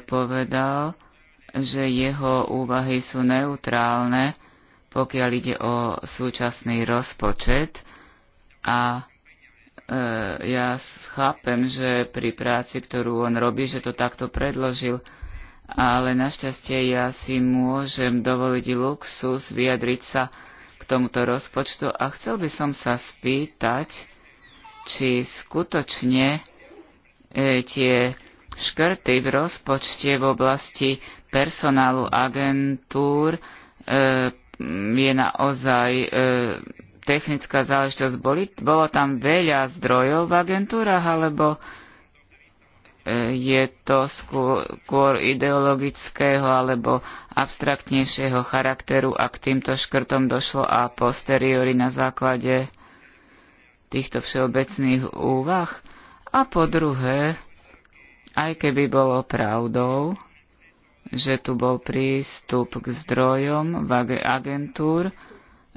povedal, že jeho úvahy sú neutrálne, pokiaľ ide o súčasný rozpočet a e, ja chápem, že pri práci, ktorú on robí, že to takto predložil, ale našťastie ja si môžem dovoliť luxus vyjadriť sa k tomuto rozpočtu a chcel by som sa spýtať, či skutočne e, tie škrty v rozpočte v oblasti personálu agentúr e, je naozaj e, technická záležitosť. Boli, bolo tam veľa zdrojov v agentúrach, alebo e, je to skôr, skôr ideologického alebo abstraktnejšieho charakteru a k týmto škrtom došlo a posteriori na základe týchto všeobecných úvah. A po druhé, aj keby bolo pravdou, že tu bol prístup k zdrojom agentúr,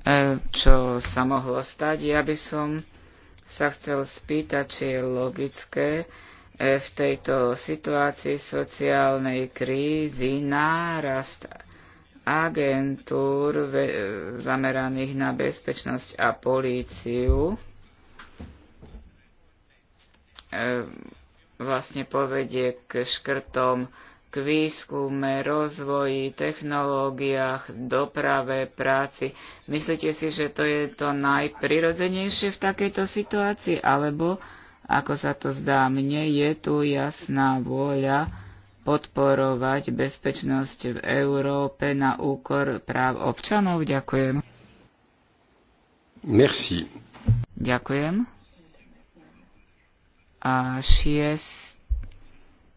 e, čo sa mohlo stať, ja by som sa chcel spýtať, či je logické e, v tejto situácii sociálnej krízy nárast agentúr zameraných na bezpečnosť a políciu e, vlastne povedie k škrtom k výskume, rozvoji, technológiách, doprave, práci. Myslíte si, že to je to najprirodzenejšie v takejto situácii? Alebo, ako sa to zdá mne, je tu jasná vôľa podporovať bezpečnosť v Európe na úkor práv občanov? Ďakujem. Merci. Ďakujem. A šiest,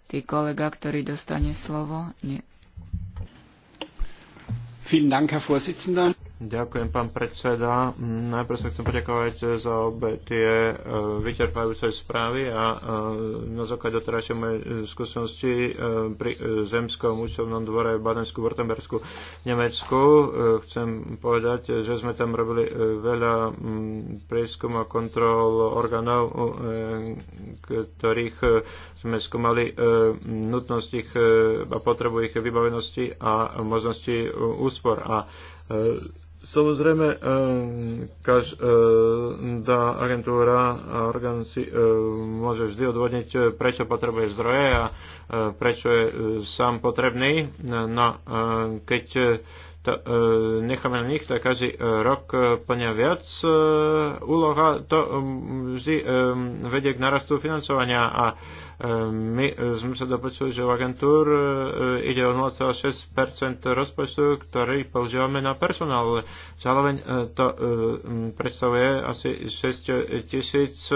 tý kolega, ktorý dostane slovo. Nie. Vielen Dank, Herr Vorsitzender. Ďakujem, pán predseda. Najprv sa chcem poďakovať za obe tie e, vyčerpajúce správy a e, na základe doterajšej mojej e, skúsenosti pri Zemskom účtovnom dvore v Badensku, Württembersku, Nemecku chcem povedať, že sme tam robili veľa prieskum a kontrol orgánov, ktorých sme skúmali nutnosť ich a potrebu ich vybavenosti a možnosti úspor. A Samozrejme, eh, eh, da agentúra a orgán si eh, môže vždy odvodniť, prečo potrebuje zdroje a prečo je sám potrebný. No, keď to, necháme na nich, tak každý rok plňa viac úloha, to vždy vedie k narastu financovania a my e, sme sa dopočuli, že v agentúr e, e, ide o 0,6 rozpočtu, ktorý používame na personál. Zároveň to predstavuje asi 6 tisíc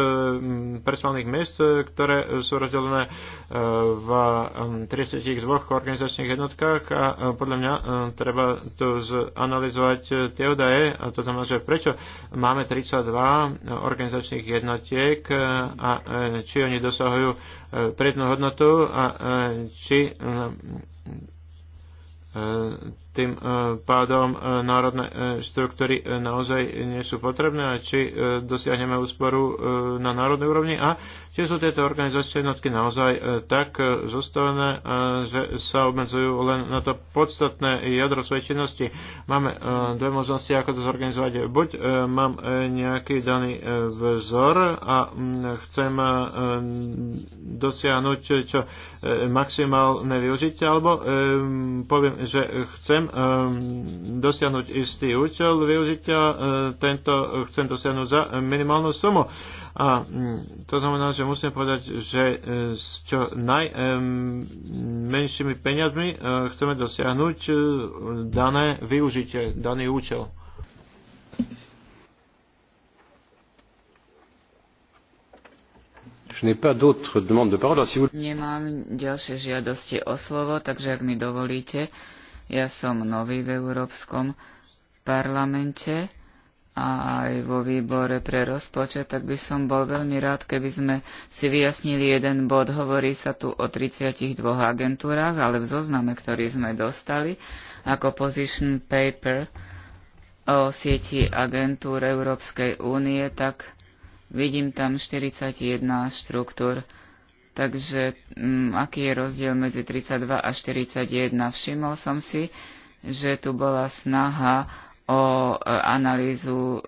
personálnych miest, ktoré sú rozdelené v 32 organizačných jednotkách a podľa mňa treba tu zanalizovať tie údaje, a to znamená, že prečo máme 32 organizačných jednotiek a či oni dosahujú prednú hodnotu a e, či e, e, tým e, pádom e, národné e, štruktúry naozaj nie sú potrebné a či dosiahneme úsporu na národnej úrovni a či sú tieto organizačné jednotky naozaj tak zostavené, že sa obmedzujú len na to podstatné jadro svojej činnosti. Máme dve možnosti, ako to zorganizovať. Buď mám nejaký daný vzor a chcem dosiahnuť čo maximálne využitie, alebo poviem, že chcem um, dosiahnuť istý účel využitia, uh, tento chcem dosiahnuť za minimálnu sumu. A mm, to znamená, že musím povedať, že e, s čo najmenšími ehm, um, peniazmi uh, chceme dosiahnuť uh, dané využitie, daný účel. Nemám ďalšie žiadosti o slovo, takže ak mi dovolíte, ja som nový v Európskom parlamente a aj vo výbore pre rozpočet, tak by som bol veľmi rád, keby sme si vyjasnili jeden bod. Hovorí sa tu o 32 agentúrách, ale v zozname, ktorý sme dostali ako position paper o sieti agentúr Európskej únie, tak vidím tam 41 štruktúr. Takže m, mm, aký je rozdiel medzi 32 a 41? Všimol som si, že tu bola snaha o e, analýzu e,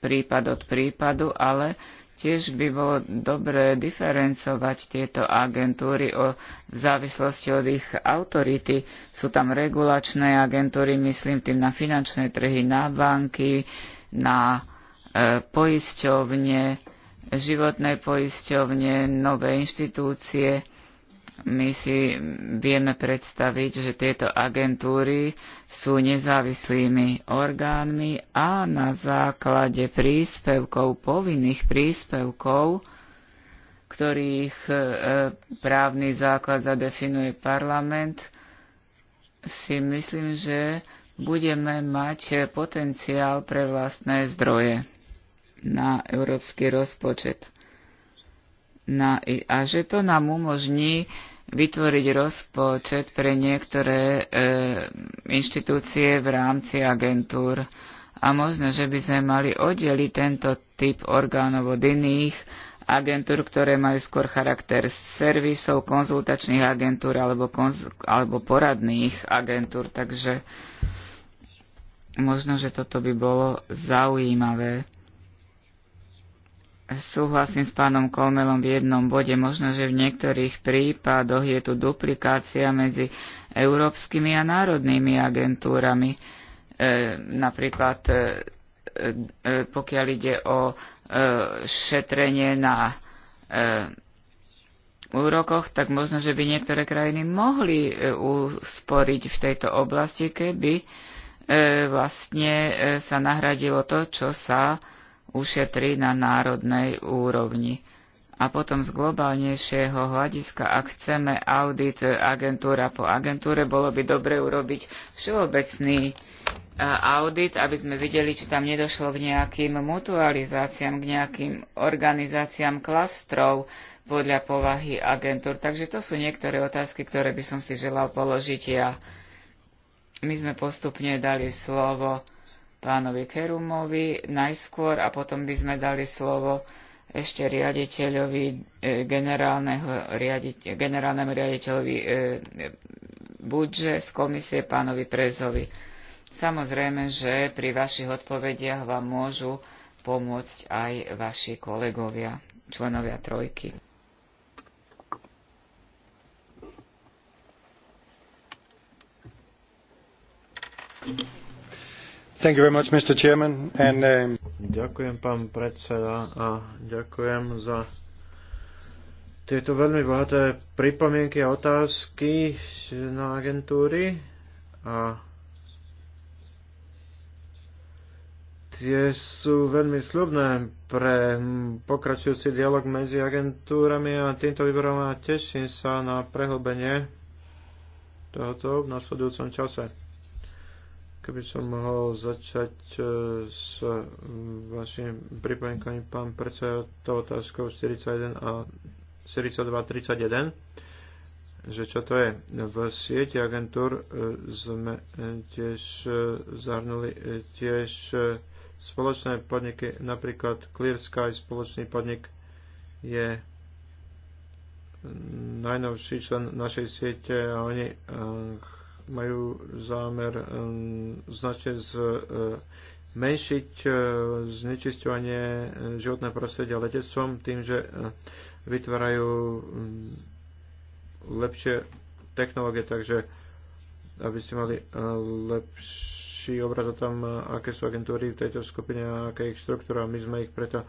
prípad od prípadu, ale tiež by bolo dobre diferencovať tieto agentúry o, v závislosti od ich autority. Sú tam regulačné agentúry, myslím tým na finančné trhy, na banky, na e, poisťovne, životné poisťovne, nové inštitúcie. My si vieme predstaviť, že tieto agentúry sú nezávislými orgánmi a na základe príspevkov, povinných príspevkov, ktorých e, právny základ zadefinuje parlament, si myslím, že budeme mať e, potenciál pre vlastné zdroje na európsky rozpočet. Na, no a že to nám umožní vytvoriť rozpočet pre niektoré e, inštitúcie v rámci agentúr. A možno, že by sme mali oddeliť tento typ orgánov od iných agentúr, ktoré majú skôr charakter servisov, konzultačných agentúr alebo, konz- alebo poradných agentúr. Takže možno, že toto by bolo zaujímavé. Súhlasím s pánom Kolmelom v jednom bode. Možno, že v niektorých prípadoch je tu duplikácia medzi európskymi a národnými agentúrami. E, napríklad, e, e, pokiaľ ide o e, šetrenie na e, úrokoch, tak možno, že by niektoré krajiny mohli e, usporiť v tejto oblasti, keby e, vlastne e, sa nahradilo to, čo sa e, ušetrí na národnej úrovni. A potom z globálnejšieho hľadiska, ak chceme audit agentúra po agentúre, bolo by dobre urobiť všeobecný e, audit, aby sme videli, či tam nedošlo k nejakým mutualizáciám, k nejakým organizáciám klastrov podľa povahy agentúr. Takže to sú niektoré otázky, ktoré by som si želal položiť ja. My sme postupne dali slovo pánovi Kerumovi najskôr a potom by sme dali slovo ešte riaditeľovi, e, generálneho, riadite, generálnemu riaditeľovi e, Budže z komisie pánovi Prezovi. Samozrejme, že pri vašich odpovediach vám môžu pomôcť aj vaši kolegovia, členovia trojky. Thank you. Uh, ďakujem, pán predseda, a ďakujem za tieto veľmi bohaté pripomienky a otázky na agentúry. A tie sú veľmi slubné pre pokračujúci dialog medzi agentúrami a týmto výborom a teším sa na prehlbenie tohoto v nasledujúcom čase. Keby som mohol začať e, s mm, vašimi pripomienkami, pán predseda, to otázkou 41 a 4231 že čo to je. V sieti agentúr e, sme e, tiež zahrnuli tiež spoločné podniky, napríklad Clear Sky spoločný podnik je mm, najnovší člen našej siete a oni majú zámer um, značne zmenšiť uh, uh, znečisťovanie uh, životného prostredia letecom tým, že vytvárajú um, lepšie technológie, takže aby ste mali lepší obraz o tom, aké sú agentúry v tejto skupine a aká je ich štruktúra. My sme ich preto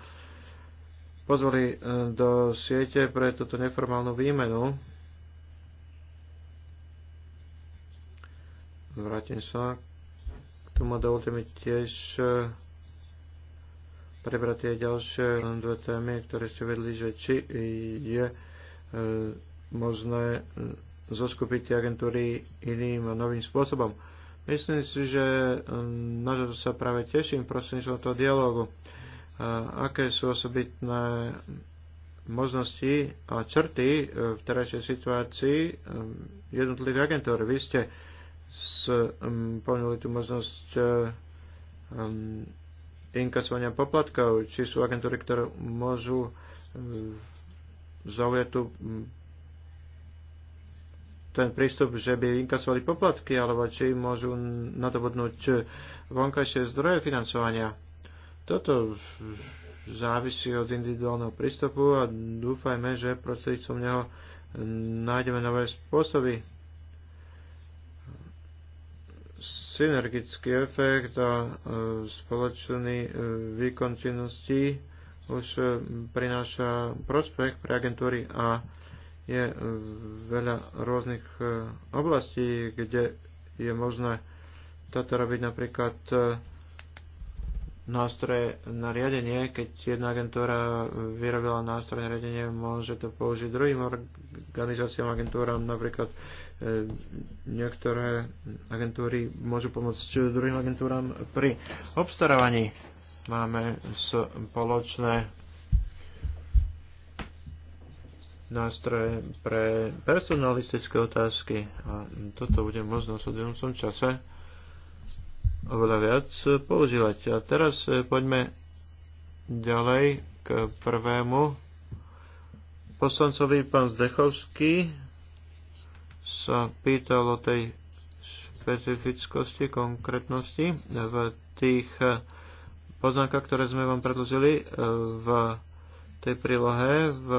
pozvali do siete pre túto neformálnu výmenu vrátim sa. Tu ma dovolte mi tiež e, prebrať tie ďalšie dve témy, ktoré ste vedli, že či je e, možné e, zoskupiť tie agentúry iným a novým spôsobom. Myslím si, že na to sa práve teším prostredníctvom toho dialogu. Aké sú osobitné možnosti a črty v terajšej situácii jednotlivých agentúr? Vy ste spomenuli tú možnosť eh, inkasovania poplatkov, či sú agentúry, ktoré môžu eh, zaujať tú, mm, ten prístup, že by inkasovali poplatky, alebo či môžu nadobudnúť eh, vonkajšie zdroje financovania. Toto závisí od individuálneho prístupu a dúfajme, že prostredníctvom neho nájdeme nové spôsoby synergický efekt a e, spoločný e, výkon činnosti už e, prináša prospech pre agentúry a je veľa rôznych oblastí, kde je možné toto robiť napríklad nástroje na riadenie, keď jedna agentúra vyrobila nástroje na riadenie, môže to použiť druhým organizáciám agentúram, napríklad niektoré agentúry môžu pomôcť druhým agentúram pri obstarávaní. Máme spoločné nástroje pre personalistické otázky a toto bude možno v sledujúcom čase oveľa viac používať. A teraz poďme ďalej k prvému poslancovi, pán Zdechovský sa pýtal o tej špecifickosti, konkrétnosti v tých eh, poznámkach, ktoré sme vám predložili eh, v tej prílohe v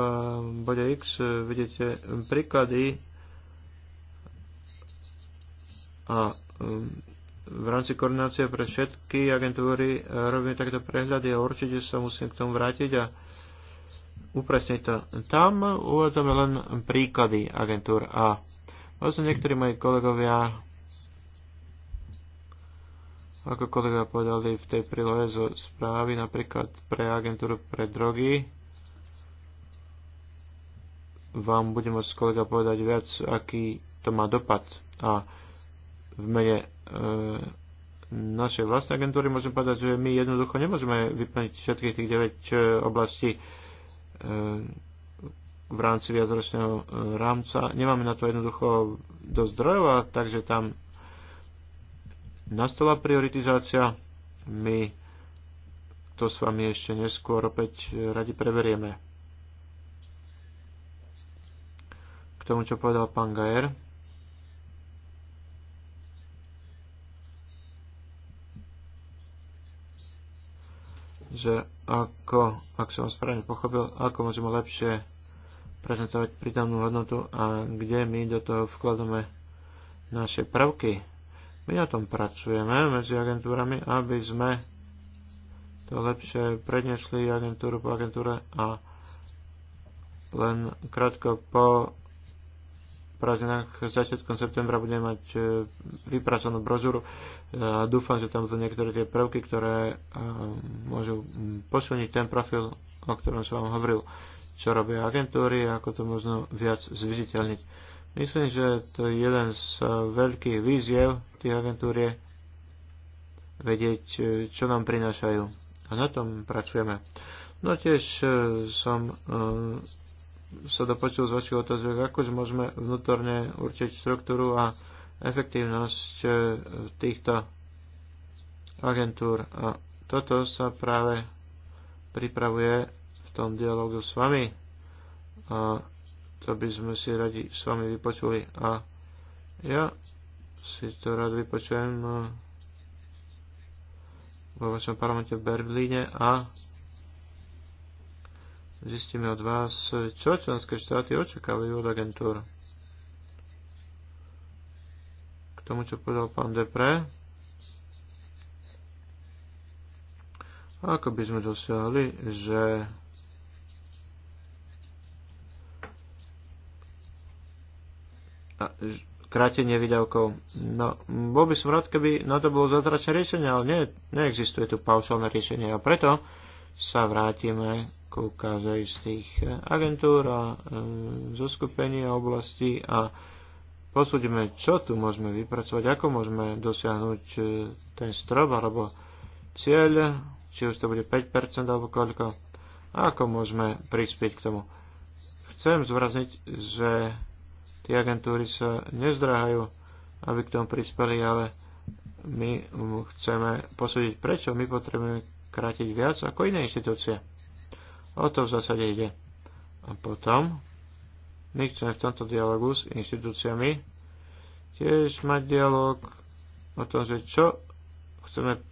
bode X eh, vidíte príklady a v rámci koordinácie pre všetky agentúry robíme takto prehľady a určite sa musím k tomu vrátiť a upresniť to. Tam uvádzame len príklady agentúr a Možno vlastne niektorí moji kolegovia ako kolega povedali v tej prílohe zo správy, napríklad pre agentúru pre drogy, vám bude môcť kolega povedať viac, aký to má dopad. A v mene e, našej vlastnej agentúry môžem povedať, že my jednoducho nemôžeme vyplniť všetkých tých 9 e, oblastí e, v rámci viacročného e, rámca. Nemáme na to jednoducho dosť zdrojov, takže tam nastala prioritizácia. My to s vami ešte neskôr opäť radi preberieme. K tomu, čo povedal pán Gajer. že ako, ak som správne pochopil, ako môžeme lepšie prezentovať pridanú hodnotu a kde my do toho vkladáme naše prvky. My na tom pracujeme medzi agentúrami, aby sme to lepšie prednesli agentúru po agentúre a len krátko po prázdninách začiatkom septembra budeme mať e, vypracovanú brožúru e, a dúfam, že tam sú niektoré tie prvky, ktoré e, môžu posilniť ten profil, o ktorom som vám hovoril, čo robia agentúry a ako to možno viac zviditeľniť. Myslím, že to je jeden z veľkých víziev tých agentúr je vedieť, čo nám prinášajú. A na tom pracujeme. No tiež som sa dopočul z vašich otázok, ako môžeme vnútorne určiť štruktúru a efektívnosť e, týchto agentúr. A toto sa práve pripravuje v tom dialogu s vami. A to by sme si radi s vami vypočuli. A ja si to rád vypočujem e, vo vašom parlamente v Berlíne a zistíme od vás, čo členské štáty očakávajú od agentúr. K tomu, čo povedal pán Depre, ako by sme dosiahli, že krátenie výdavkov. No, bol by som rád, keby na to bolo zázračné riešenie, ale nie, neexistuje tu paušálne riešenie. A preto sa vrátime k ukáže z tých eh, agentúr a e, eh, zo a oblasti a posúdime, čo tu môžeme vypracovať, ako môžeme dosiahnuť e, ten strop alebo cieľ, či už to bude 5% alebo koľko, a ako môžeme prispieť k tomu. Chcem zvrazniť, že tie agentúry sa nezdráhajú, aby k tomu prispeli, ale my chceme posúdiť, prečo my potrebujeme krátiť viac ako iné inštitúcie. O to v zásade ide. A potom my chceme v tomto dialogu s inštitúciami tiež mať dialog o tom, že čo chceme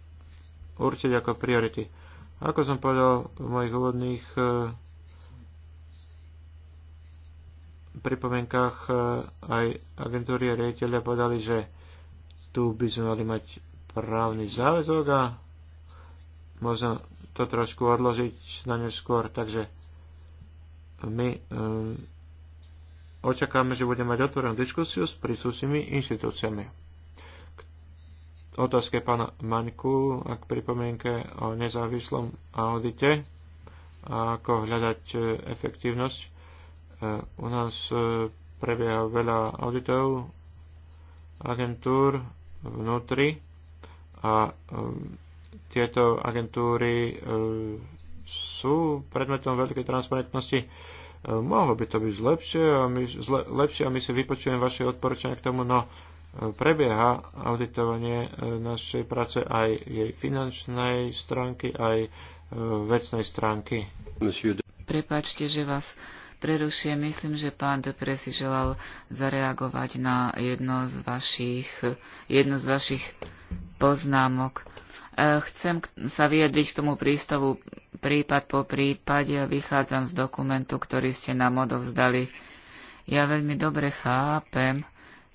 určiť ako priority. Ako som povedal v mojich úvodných e, pripomienkách, e, aj agentúry a riaditeľia povedali, že tu by sme mali mať právny záväzok a možno to trošku odložiť na neskôr, takže my um, očakáme, že budeme mať otvorenú diskusiu s príslušnými inštitúciami. K otázke pána Maňku a k pripomienke o nezávislom audite a ako hľadať eh, efektívnosť. Eh, u nás prebieha veľa auditov, agentúr vnútri a um, tieto agentúry e, sú predmetom veľkej transparentnosti. E, mohlo by to byť lepšie a my, zle, lepšie a my si vypočujem vaše odporúčania k tomu, no e, prebieha auditovanie našej práce aj jej finančnej stránky, aj vecnej stránky. Prepačte, že vás prerušujem. Myslím, že pán Depre si želal zareagovať na jedno z vašich, jedno z vašich poznámok. E, chcem sa vyjadriť k tomu prístavu prípad po prípade a vychádzam z dokumentu, ktorý ste nám odovzdali. Ja veľmi dobre chápem,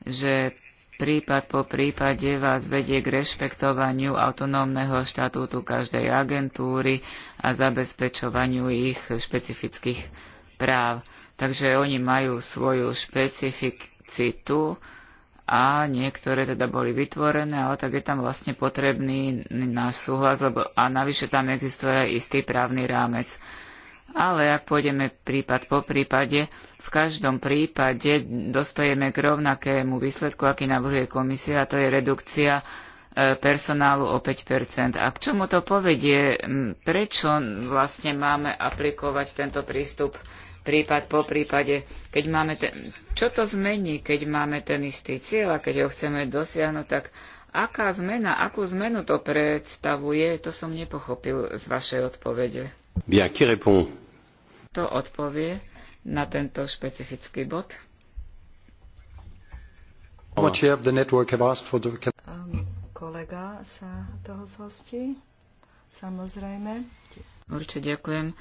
že prípad po prípade vás vedie k rešpektovaniu autonómneho štatútu každej agentúry a zabezpečovaniu ich špecifických práv. Takže oni majú svoju špecificitu, a niektoré teda boli vytvorené, ale tak je tam vlastne potrebný náš súhlas, lebo a navyše tam existuje aj istý právny rámec. Ale ak pôjdeme prípad po prípade, v každom prípade dospejeme k rovnakému výsledku, aký navrhuje komisia, a to je redukcia e, personálu o 5 A k čomu to povedie? Prečo vlastne máme aplikovať tento prístup prípad po prípade, keď máme ten, čo to zmení, keď máme ten istý cieľ a keď ho chceme dosiahnuť, tak aká zmena, akú zmenu to predstavuje, to som nepochopil z vašej odpovede. Bien, qui répond? To odpovie na tento špecifický bod. Um, kolega sa toho zhostí, samozrejme. Určite ďakujem.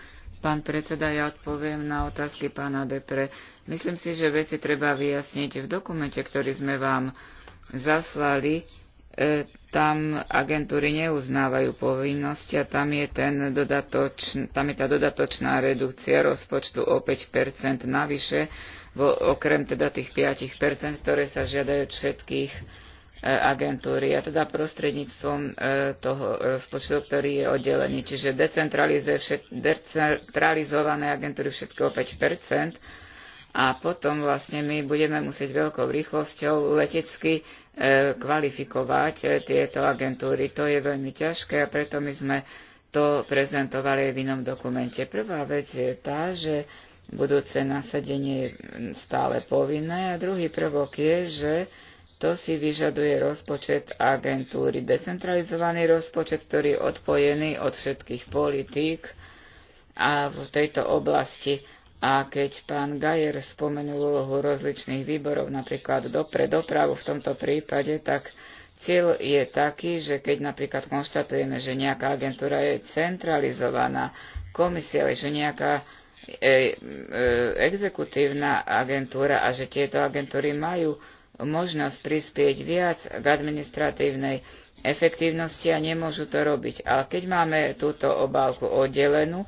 Pán predseda, ja odpoviem na otázky pána Depre. Myslím si, že veci treba vyjasniť. V dokumente, ktorý sme vám zaslali, e, tam agentúry neuznávajú povinnosti a tam je, ten dodatočn, tam je tá dodatočná redukcia rozpočtu o 5 navyše, vo, okrem teda tých 5 ktoré sa žiadajú od všetkých agentúry, a teda prostredníctvom e, toho rozpočtu, ktorý je oddelený. Čiže decentralizované agentúry všetko 5 a potom vlastne my budeme musieť veľkou rýchlosťou letecky e, kvalifikovať e, tieto agentúry. To je veľmi ťažké a preto my sme to prezentovali v inom dokumente. Prvá vec je tá, že budúce nasadenie je stále povinné a druhý prvok je, že to si vyžaduje rozpočet agentúry. Decentralizovaný rozpočet, ktorý je odpojený od všetkých politík a v tejto oblasti. A keď pán Gajer spomenul úlohu rozličných výborov, napríklad dopre dopravu v tomto prípade, tak cieľ je taký, že keď napríklad konštatujeme, že nejaká agentúra je centralizovaná, komisia, že nejaká e, e, exekutívna agentúra a že tieto agentúry majú možnosť prispieť viac k administratívnej efektívnosti a nemôžu to robiť. A keď máme túto obálku oddelenú,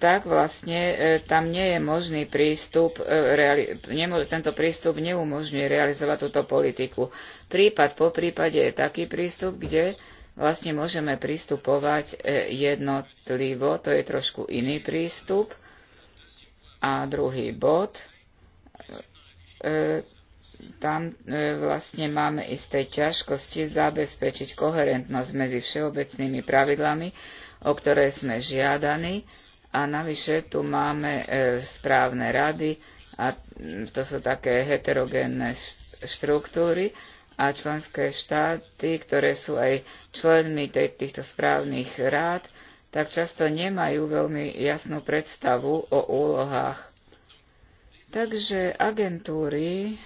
tak vlastne e, tam nie je možný prístup, e, tento prístup neumožňuje realizovať túto politiku. Prípad po prípade je taký prístup, kde vlastne môžeme pristupovať e, jednotlivo, to je trošku iný prístup. A druhý bod, tam e, vlastne máme isté ťažkosti zabezpečiť koherentnosť medzi všeobecnými pravidlami, o ktoré sme žiadaní, a navyše tu máme e, správne rady, a to sú také heterogénne štruktúry, a členské štáty, ktoré sú aj členmi týchto správnych rád, tak často nemajú veľmi jasnú predstavu o úlohách. Takže agentúry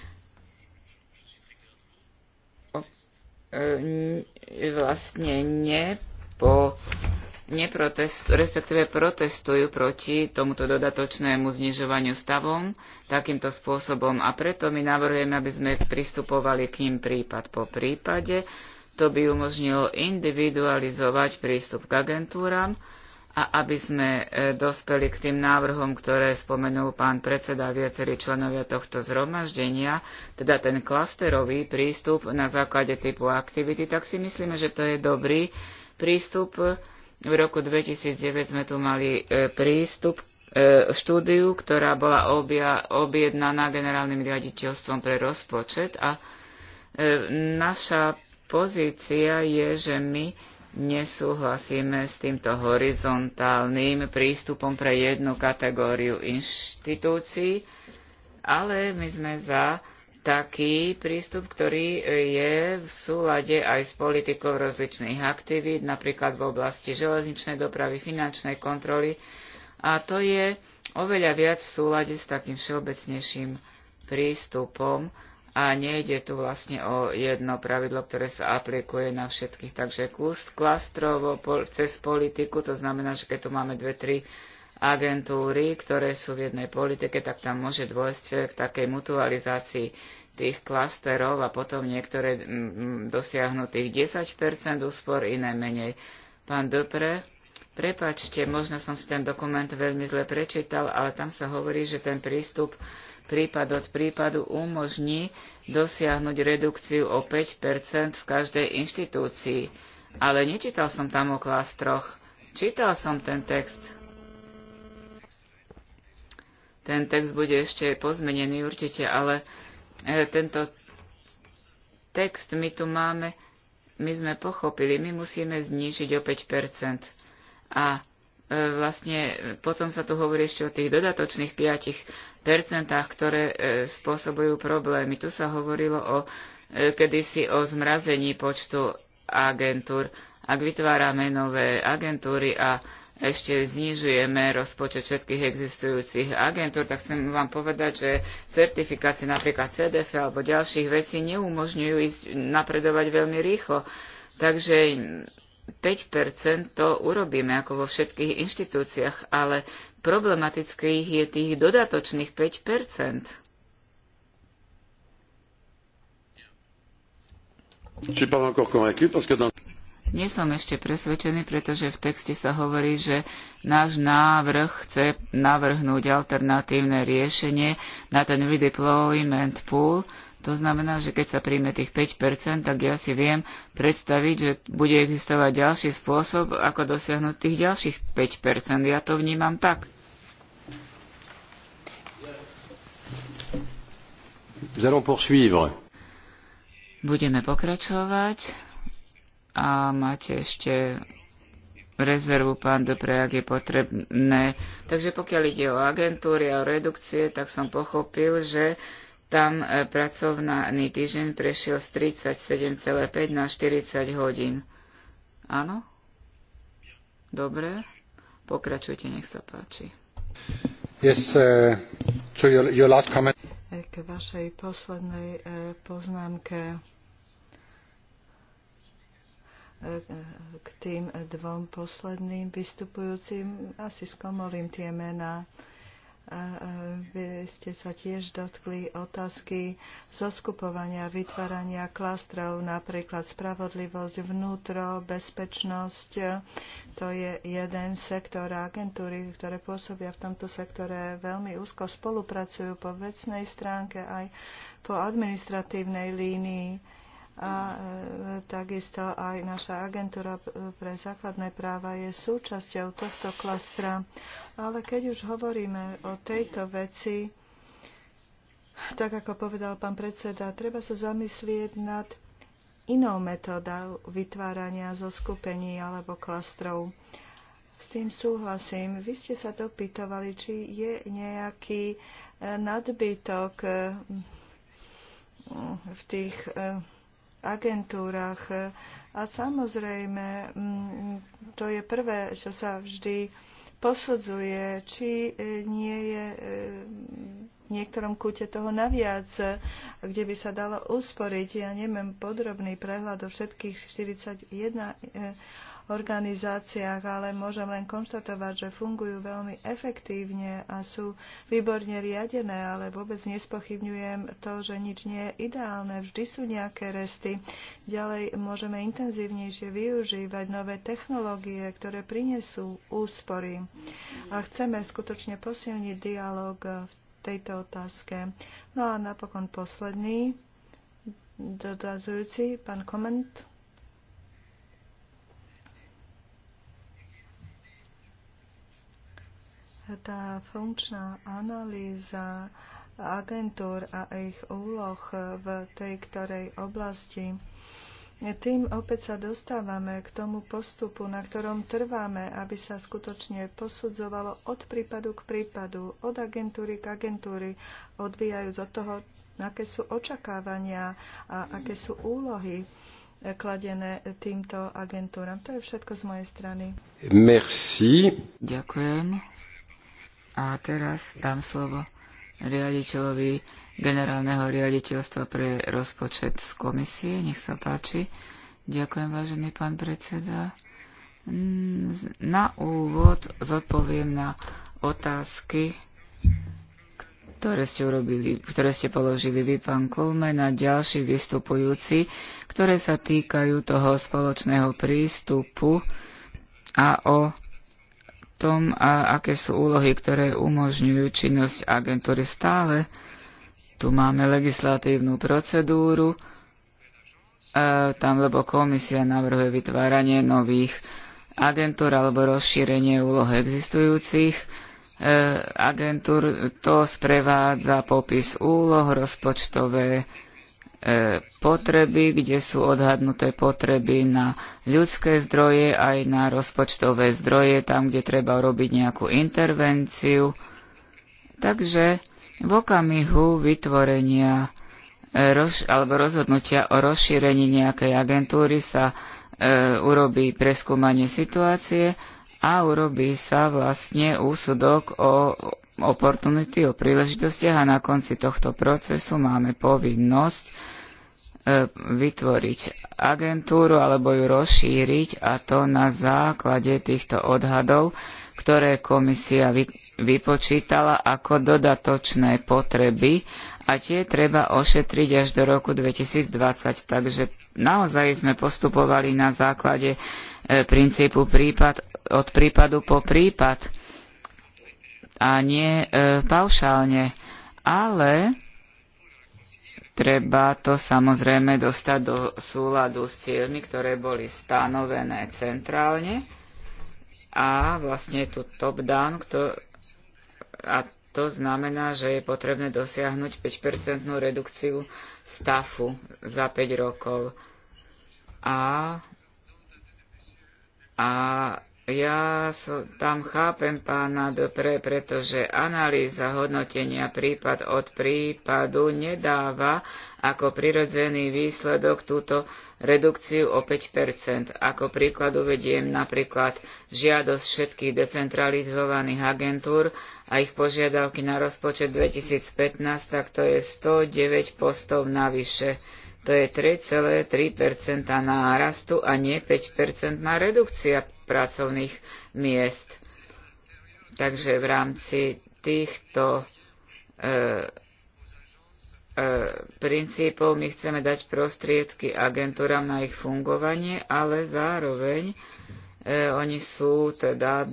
E, vlastne nepo, neprotest, respektíve protestujú proti tomuto dodatočnému znižovaniu stavom takýmto spôsobom a preto my navrhujeme, aby sme pristupovali k ním prípad po prípade. To by umožnilo individualizovať prístup k agentúram a aby sme e, dospeli k tým návrhom, ktoré spomenul pán predseda viacerí členovia tohto zhromaždenia, teda ten klasterový prístup na základe typu aktivity, tak si myslíme, že to je dobrý prístup. V roku 2009 sme tu mali e, prístup e, štúdiu, ktorá bola objednaná generálnym riaditeľstvom pre rozpočet a naša pozícia je, že my nesúhlasíme s týmto horizontálnym prístupom pre jednu kategóriu inštitúcií, ale my sme za taký prístup, ktorý je v súlade aj s politikou rozličných aktivít, napríklad v oblasti železničnej dopravy, finančnej kontroly. A to je oveľa viac v súlade s takým všeobecnejším prístupom, a nejde tu vlastne o jedno pravidlo, ktoré sa aplikuje na všetkých. Takže klastrovo cez politiku, to znamená, že keď tu máme dve, tri agentúry, ktoré sú v jednej politike, tak tam môže dôjsť k takej mutualizácii tých klasterov a potom niektoré dosiahnu tých 10% úspor, iné menej. Pán Dopre, prepačte, možno som si ten dokument veľmi zle prečítal, ale tam sa hovorí, že ten prístup prípad od prípadu umožní dosiahnuť redukciu o 5 v každej inštitúcii. Ale nečítal som tam o klastroch. Čítal som ten text. Ten text bude ešte pozmenený určite, ale e, tento text my tu máme, my sme pochopili, my musíme znížiť o 5 A E, vlastne e, potom sa tu hovorí ešte o tých dodatočných 5%, ktoré e, spôsobujú problémy. Tu sa hovorilo o, kedysi o zmrazení počtu agentúr. Ak vytvárame nové agentúry a ešte znižujeme rozpočet všetkých existujúcich agentúr, tak chcem vám povedať, že certifikácie napríklad CDF alebo ďalších vecí neumožňujú ísť napredovať veľmi rýchlo. Takže 5% to urobíme ako vo všetkých inštitúciách, ale problematických je tých dodatočných 5%. Nie som ešte presvedčený, pretože v texte sa hovorí, že náš návrh chce navrhnúť alternatívne riešenie na ten redeployment pool, to znamená, že keď sa príjme tých 5%, tak ja si viem predstaviť, že bude existovať ďalší spôsob, ako dosiahnuť tých ďalších 5%. Ja to vnímam tak. Budeme pokračovať a máte ešte rezervu pán Dopre, ak je potrebné. Takže pokiaľ ide o agentúry a o redukcie, tak som pochopil, že tam e, pracovný týždeň prešiel z 37,5 na 40 hodín. Áno? Dobre. Pokračujte, nech sa páči. Yes, uh, to your, your last comment. E, k vašej poslednej e, poznámke k tým dvom posledným vystupujúcim asi skomolím tie mená vy ste sa tiež dotkli otázky zoskupovania, vytvárania klastrov, napríklad spravodlivosť, vnútro, bezpečnosť. To je jeden sektor agentúry, ktoré pôsobia v tomto sektore, veľmi úzko spolupracujú po vecnej stránke aj po administratívnej línii a e, takisto aj naša agentúra pre základné práva je súčasťou tohto klastra. Ale keď už hovoríme o tejto veci, tak ako povedal pán predseda, treba sa zamyslieť nad inou metódou vytvárania zo skupení alebo klastrov. S tým súhlasím. Vy ste sa dopytovali, či je nejaký e, nadbytok e, v tých agentúrach. A samozrejme, mm, to je prvé, čo sa vždy posudzuje, či e, nie je e, v niektorom kúte toho naviac, kde by sa dalo usporiť. Ja nemám podrobný prehľad o všetkých 41 organizáciách, ale môžem len konštatovať, že fungujú veľmi efektívne a sú výborne riadené, ale vôbec nespochybňujem to, že nič nie je ideálne. Vždy sú nejaké resty. Ďalej môžeme intenzívnejšie využívať nové technológie, ktoré prinesú úspory. A chceme skutočne posilniť dialog v tejto otázke. No a napokon posledný dotazujúci, pán Koment. tá funkčná analýza agentúr a ich úloh v tej ktorej oblasti. Tým opäť sa dostávame k tomu postupu, na ktorom trváme, aby sa skutočne posudzovalo od prípadu k prípadu, od agentúry k agentúry, odvíjajúc od toho, aké sú očakávania a aké sú úlohy kladené týmto agentúram. To je všetko z mojej strany. Merci. Ďakujem. A teraz dám slovo riaditeľovi generálneho riaditeľstva pre rozpočet z komisie. Nech sa páči. Ďakujem, vážený pán predseda. Na úvod zodpoviem na otázky, ktoré ste, urobili, ktoré ste položili vy, pán Kolme, na ďalší vystupujúci, ktoré sa týkajú toho spoločného prístupu a o tom, a aké sú úlohy, ktoré umožňujú činnosť agentúry stále. Tu máme legislatívnu procedúru, e, tam lebo komisia navrhuje vytváranie nových agentúr alebo rozšírenie úloh existujúcich e, agentúr. To sprevádza popis úloh, rozpočtové E, potreby, kde sú odhadnuté potreby na ľudské zdroje, aj na rozpočtové zdroje, tam, kde treba robiť nejakú intervenciu. Takže v okamihu vytvorenia e, roz, alebo rozhodnutia o rozšírení nejakej agentúry sa e, urobí preskúmanie situácie a urobí sa vlastne úsudok o oportunity, o príležitostiach a na konci tohto procesu máme povinnosť e, vytvoriť agentúru alebo ju rozšíriť a to na základe týchto odhadov, ktoré komisia vypočítala ako dodatočné potreby a tie treba ošetriť až do roku 2020. Takže naozaj sme postupovali na základe e, princípu prípad od prípadu po prípad a nie e, paušálne. Ale treba to samozrejme dostať do súladu s cieľmi, ktoré boli stanovené centrálne a vlastne tu top-down, a to znamená, že je potrebné dosiahnuť 5-percentnú redukciu stafu za 5 rokov. A, a ja so, tam chápem pána Dopre, pretože analýza hodnotenia prípad od prípadu nedáva ako prirodzený výsledok túto redukciu o 5 Ako príklad uvediem napríklad žiadosť všetkých decentralizovaných agentúr a ich požiadavky na rozpočet 2015, tak to je 109 postov navyše. To je 3,3 nárastu a nie 5 redukcia pracovných miest. Takže v rámci týchto e, e, princípov my chceme dať prostriedky agentúram na ich fungovanie, ale zároveň e, oni sú teda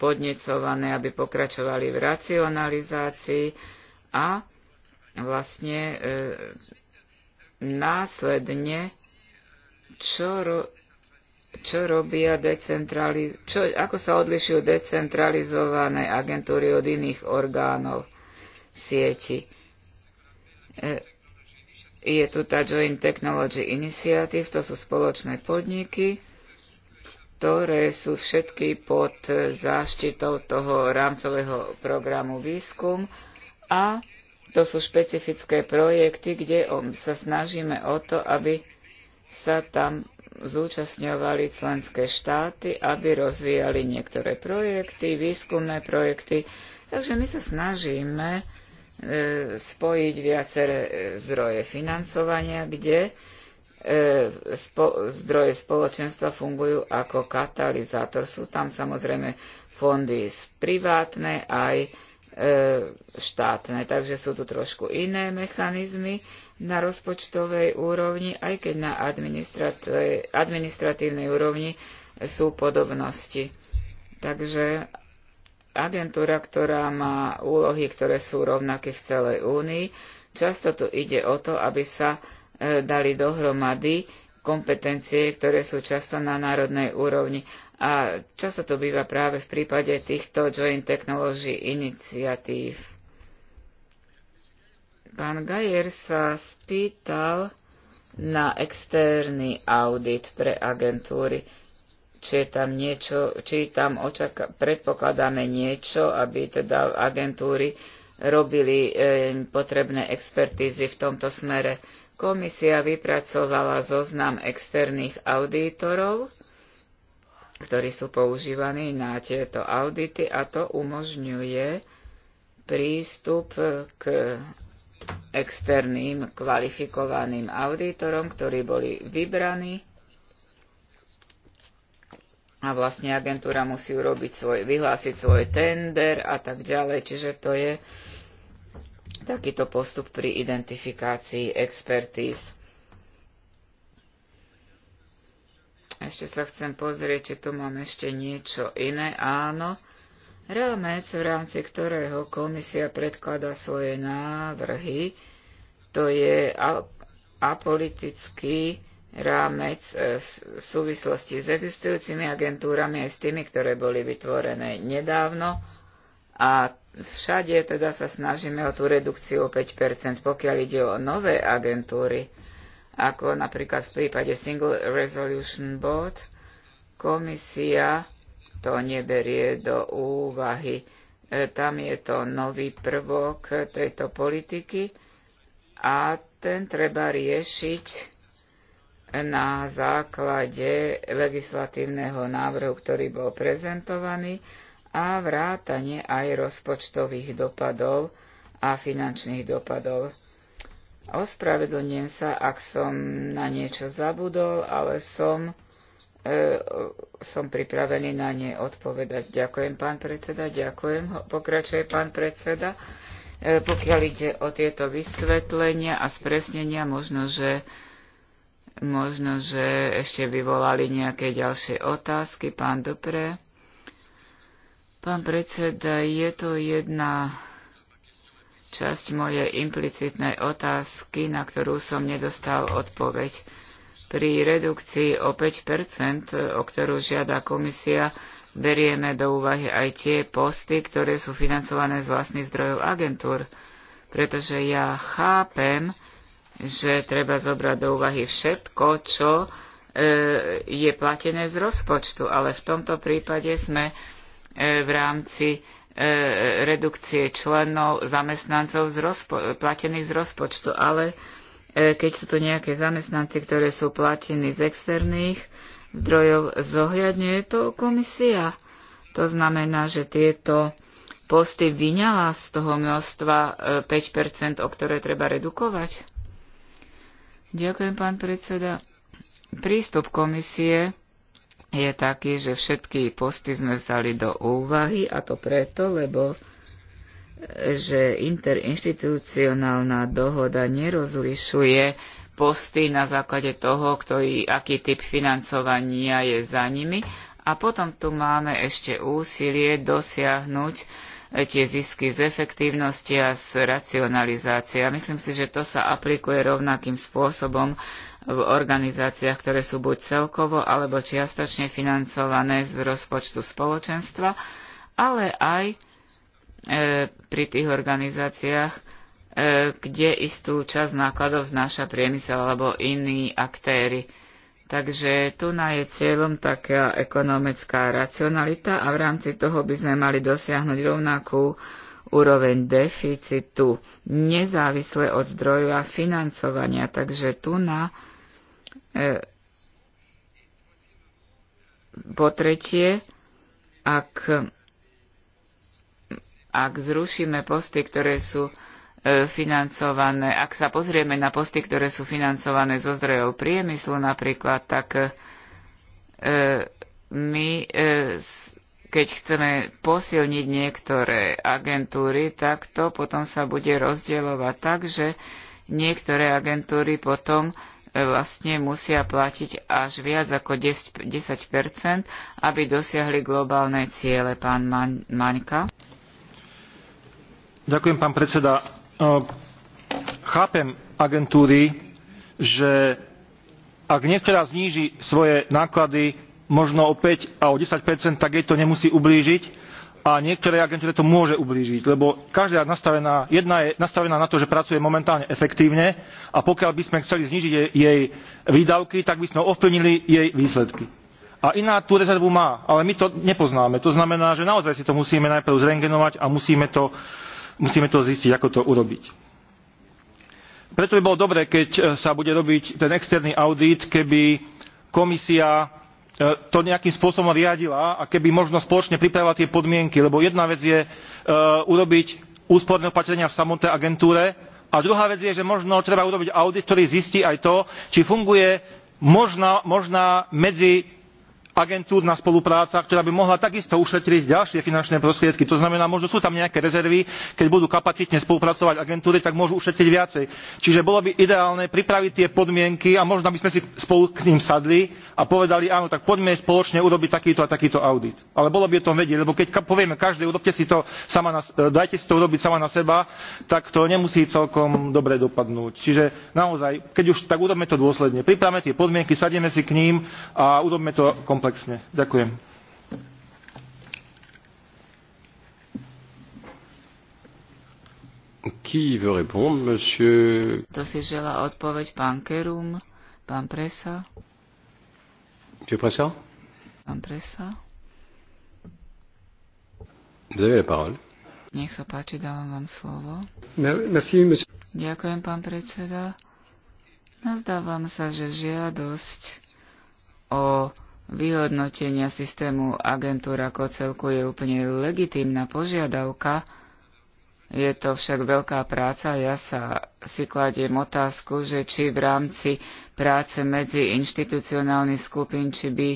podnecované, aby pokračovali v racionalizácii a vlastne následne čo, čo robia decentraliz- čo, ako sa odlišujú decentralizované agentúry od iných orgánov v sieti. E, je tu tá Joint Technology Initiative, to sú spoločné podniky, ktoré sú všetky pod záštitou toho rámcového programu výskum a to sú špecifické projekty, kde sa snažíme o to, aby sa tam zúčastňovali členské štáty, aby rozvíjali niektoré projekty, výskumné projekty. Takže my sa snažíme e, spojiť viaceré e, zdroje financovania, kde e, zdroje spoločenstva fungujú ako katalizátor. Sú tam samozrejme fondy z privátnej aj E, štátne. Takže sú tu trošku iné mechanizmy na rozpočtovej úrovni, aj keď na administratívnej úrovni sú podobnosti. Takže agentúra, ktorá má úlohy, ktoré sú rovnaké v celej únii, často tu ide o to, aby sa e, dali dohromady kompetencie, ktoré sú často na národnej úrovni. A často to býva práve v prípade týchto joint technology iniciatív. Pán Gajer sa spýtal na externý audit pre agentúry, či je tam niečo, či tam očaká, predpokladáme niečo, aby teda agentúry robili e, potrebné expertízy v tomto smere. Komisia vypracovala zoznam externých auditorov, ktorí sú používaní na tieto audity a to umožňuje prístup k externým kvalifikovaným auditorom, ktorí boli vybraní a vlastne agentúra musí urobiť svoj, vyhlásiť svoj tender a tak ďalej. Čiže to je takýto postup pri identifikácii expertíz. Ešte sa chcem pozrieť, či tu mám ešte niečo iné. Áno, rámec, v rámci ktorého komisia predklada svoje návrhy, to je apolitický rámec e, v súvislosti s existujúcimi agentúrami aj s tými, ktoré boli vytvorené nedávno. A všade teda sa snažíme o tú redukciu o 5%, pokiaľ ide o nové agentúry ako napríklad v prípade Single Resolution Board, komisia to neberie do úvahy. E, tam je to nový prvok tejto politiky a ten treba riešiť na základe legislatívneho návrhu, ktorý bol prezentovaný a vrátanie aj rozpočtových dopadov a finančných dopadov. Ospravedlňujem sa, ak som na niečo zabudol, ale som, e, som pripravený na ne odpovedať. Ďakujem, pán predseda, ďakujem. Pokračuje pán predseda. E, pokiaľ ide o tieto vysvetlenia a spresnenia, možno, že možno, že ešte vyvolali nejaké ďalšie otázky. Pán Dopré. Pán predseda, je to jedna časť mojej implicitnej otázky, na ktorú som nedostal odpoveď. Pri redukcii o 5 o ktorú žiada komisia, berieme do úvahy aj tie posty, ktoré sú financované z vlastných zdrojov agentúr, pretože ja chápem, že treba zobrať do úvahy všetko, čo e, je platené z rozpočtu, ale v tomto prípade sme e, v rámci E, redukcie členov, zamestnancov z rozpo- platených z rozpočtu, ale e, keď sú tu nejaké zamestnanci, ktoré sú platení z externých zdrojov, zohľadňuje to komisia. To znamená, že tieto posty vyňala z toho množstva 5%, e, o ktoré treba redukovať. Ďakujem, pán predseda. Prístup komisie je taký, že všetky posty sme vzali do úvahy a to preto, lebo e, že interinstitucionálna dohoda nerozlišuje posty na základe toho, ktorý, aký typ financovania je za nimi. A potom tu máme ešte úsilie dosiahnuť e, tie zisky z efektívnosti a z racionalizácie. A myslím si, že to sa aplikuje rovnakým spôsobom v organizáciách, ktoré sú buď celkovo alebo čiastočne financované z rozpočtu spoločenstva, ale aj e, pri tých organizáciách, e, kde istú časť nákladov znáša priemysel alebo iní aktéry. Takže tu na je cieľom taká ekonomická racionalita a v rámci toho by sme mali dosiahnuť rovnakú úroveň deficitu nezávisle od zdrojov a financovania. Takže tu na e, po tretie, ak, ak zrušíme posty, ktoré sú e, financované, ak sa pozrieme na posty, ktoré sú financované zo zdrojov priemyslu napríklad, tak e, my e, keď chceme posilniť niektoré agentúry, tak to potom sa bude rozdielovať tak, že niektoré agentúry potom e, vlastne musia platiť až viac ako 10%, 10% aby dosiahli globálne ciele. Pán Maňka. Ďakujem, pán predseda. E, chápem agentúry, že ak niektorá zníži svoje náklady, možno o 5 a o 10 tak jej to nemusí ublížiť a niektoré agentúre to môže ublížiť, lebo každá je nastavená, jedna je nastavená na to, že pracuje momentálne efektívne a pokiaľ by sme chceli znížiť jej, jej výdavky, tak by sme ovplyvnili jej výsledky. A iná tú rezervu má, ale my to nepoznáme. To znamená, že naozaj si to musíme najprv zrengenovať a musíme to, musíme to zistiť, ako to urobiť. Preto by bolo dobré, keď sa bude robiť ten externý audit, keby komisia E, to nejakým spôsobom riadila a keby možno spoločne pripravila tie podmienky lebo jedna vec je e, urobiť úsporné opatrenia v samotnej agentúre a druhá vec je že možno treba urobiť audit ktorý zistí aj to či funguje možná, možná medzi agentúrna spolupráca, ktorá by mohla takisto ušetriť ďalšie finančné prostriedky. To znamená, možno sú tam nejaké rezervy, keď budú kapacitne spolupracovať agentúry, tak môžu ušetriť viacej. Čiže bolo by ideálne pripraviť tie podmienky a možno by sme si spolu k ním sadli a povedali, áno, tak poďme spoločne urobiť takýto a takýto audit. Ale bolo by o tom vedieť, lebo keď povieme každej, urobte si to sama na, e, dajte si to urobiť sama na seba, tak to nemusí celkom dobre dopadnúť. Čiže naozaj, keď už tak urobme to dôsledne. Pripravme tie podmienky, sadneme si k ním a urobme to komplexne komplexne. Ďakujem. Qui veut répondre, monsieur? To si žela odpoveď pán Kerum, pán Presa. Monsieur Presa? Pán Presa. Vous avez la parole. Nech sa páči, dávam vám slovo. Merci, monsieur. Ďakujem, pán predseda. Nazdávam sa, že žiadosť o vyhodnotenia systému agentúr ako celku je úplne legitímna požiadavka. Je to však veľká práca. Ja sa si kladiem otázku, že či v rámci práce medzi inštitucionálnych skupín, či by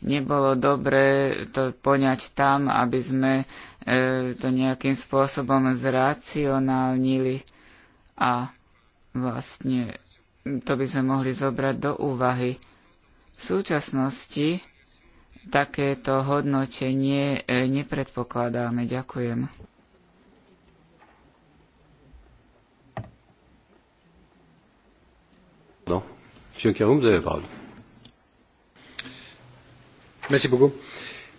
nebolo dobre to poňať tam, aby sme e, to nejakým spôsobom zracionálnili a vlastne to by sme mohli zobrať do úvahy. V súčasnosti takéto hodnotenie e, nepredpokladáme. Ďakujem. No. Merci beaucoup.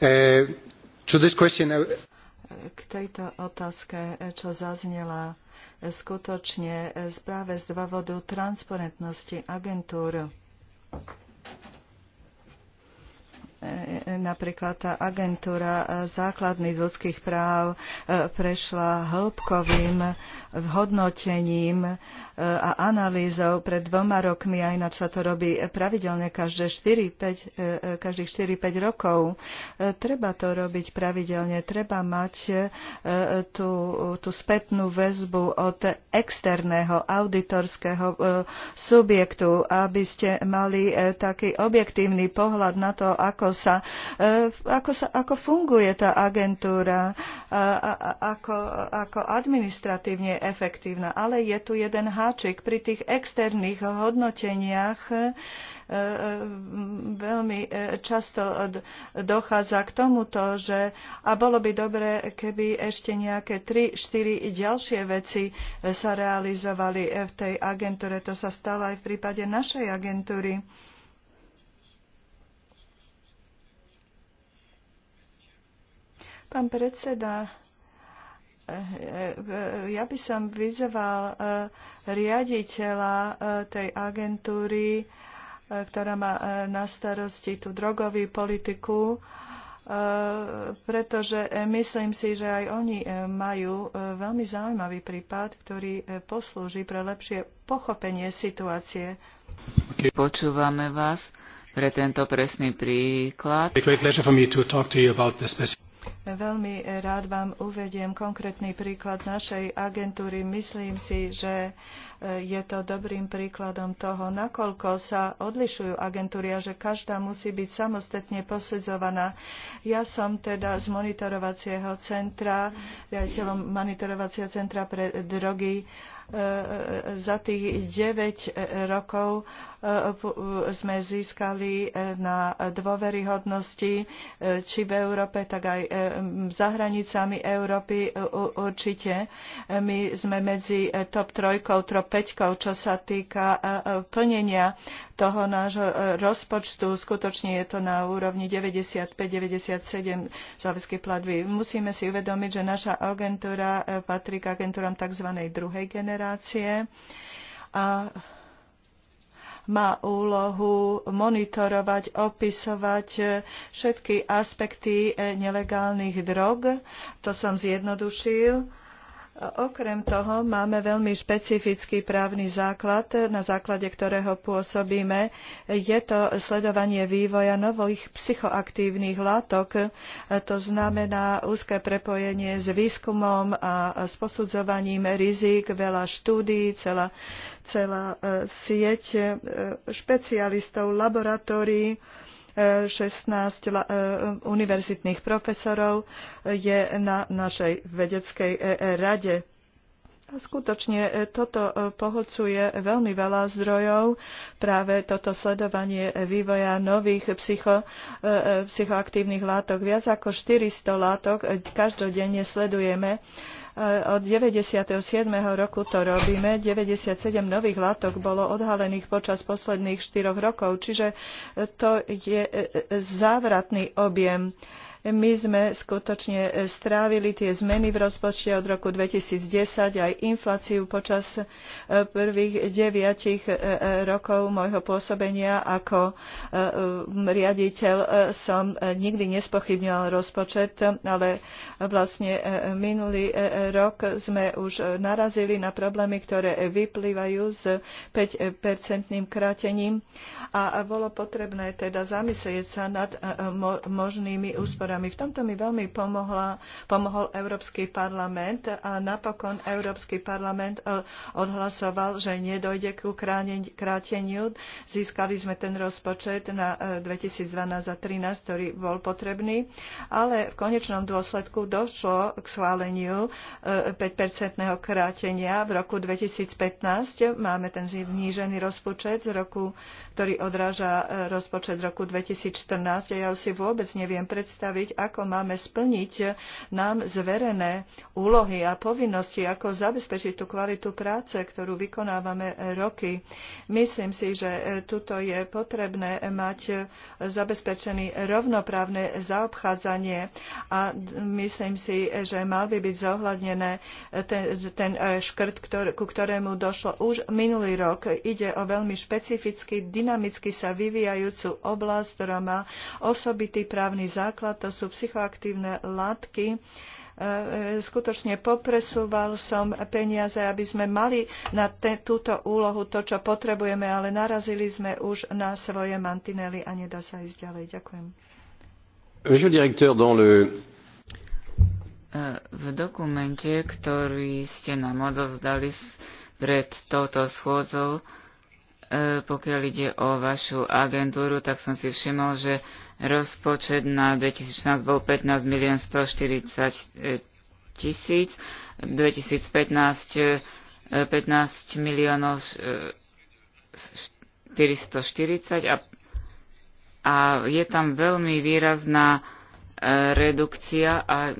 Uh, to this question, uh... k tejto otázke, e, čo zaznela skutočne práve z dôvodu transparentnosti agentúru napríklad tá agentúra e, základných ľudských práv e, prešla hĺbkovým e, hodnotením a analýzou. Pred dvoma rokmi, a ináč sa to robí pravidelne každé 4, 5, každých 4-5 rokov, treba to robiť pravidelne, treba mať tú, tú spätnú väzbu od externého auditorského subjektu, aby ste mali taký objektívny pohľad na to, ako sa, e, ako, sa, ako funguje tá agentúra, ako, ako administratívne efektívna. Ale je tu jeden háčik pri tých externých hodnoteniach, e, e, veľmi často dochádza k tomuto, že a bolo by dobre, keby ešte nejaké 3-4 ďalšie veci sa realizovali v tej agentúre. To sa stalo aj v prípade našej agentúry. Pán predseda, ja by som vyzval eh, riaditeľa eh, tej agentúry, eh, ktorá má na starosti tú drogovú politiku, pretože myslím si, že aj oni majú veľmi zaujímavý prípad, ktorý poslúži pre lepšie pochopenie situácie. Počúvame vás pre tento presný príklad. Veľmi rád vám uvediem konkrétny príklad našej agentúry. Myslím si, že je to dobrým príkladom toho, nakoľko sa odlišujú agentúry a že každá musí byť samostatne posudzovaná. Ja som teda z monitorovacieho centra, riaditeľom monitorovacieho centra pre drogy e, e, za tých 9 rokov e, sme získali na dôveryhodnosti či v Európe, tak aj za hranicami Európy určite. My sme medzi top trojkou, top Peťkou, čo sa týka e, e, plnenia toho nášho e, rozpočtu. Skutočne je to na úrovni 95-97 záväzky platby. Musíme si uvedomiť, že naša agentúra patrí k agentúram tzv. druhej generácie. A má úlohu monitorovať, opisovať všetky aspekty nelegálnych drog. To som zjednodušil Okrem toho máme veľmi špecifický právny základ, na základe ktorého pôsobíme. Je to sledovanie vývoja nových psychoaktívnych látok. To znamená úzke prepojenie s výskumom a s posudzovaním rizik, veľa štúdií, celá, celá e, sieť e, špecialistov laboratórií 16 e, univerzitných profesorov je na našej vedeckej e, e, rade. A skutočne toto pohľcuje veľmi veľa zdrojov, práve toto sledovanie vývoja nových psycho, psychoaktívnych látok. Viac ako 400 látok každodenne sledujeme od 97. roku to robíme. 97 nových látok bolo odhalených počas posledných 4 rokov, čiže to je e, e, e, závratný objem my sme skutočne e, strávili tie zmeny v rozpočte od roku 2010 aj infláciu počas e, prvých deviatich e, rokov môjho pôsobenia ako riaditeľ som nikdy nespochybňoval rozpočet, ale vlastne minulý rok sme už narazili na problémy, ktoré vyplývajú s 5-percentným krátením a bolo potrebné teda zamyslieť sa nad možnými úsporami programy. V tomto mi veľmi pomohla, pomohol Európsky parlament a napokon Európsky parlament eh, odhlasoval, že nedojde ku kráteniu. Získali sme ten rozpočet na 2012 eh, a 2013, ktorý bol potrebný, ale v konečnom dôsledku došlo k schváleniu 5-percentného eh, krátenia v roku 2015. Máme ten znížený rozpočet z roku, ktorý odráža rozpočet roku 2014 a ja si vôbec neviem predstaviť, hovoriť, ako máme splniť nám zverené úlohy a povinnosti, ako zabezpečiť tú kvalitu práce, ktorú vykonávame roky. Myslím si, že tuto je potrebné mať zabezpečený rovnoprávne zaobchádzanie a myslím si, že mal by byť zohľadnené ten, ten škrt, ku ktorému došlo už minulý rok. Ide o veľmi špecificky, dynamicky sa vyvíjajúcu oblasť, ktorá má osobitý právny základ, to sú psychoaktívne látky, e, e, skutočne popresúval som peniaze, aby sme mali na te, túto úlohu to, čo potrebujeme, ale narazili sme už na svoje mantinely a nedá sa ísť ďalej. Ďakujem. E, v dokumente, ktorý ste nám odozdali pred touto schôdzou, E, pokiaľ ide o vašu agentúru, tak som si všimol, že rozpočet na 2016 bol 15 milión 140 e, tisíc, 2015 15 e, miliónov 440 a, a je tam veľmi výrazná redukcia a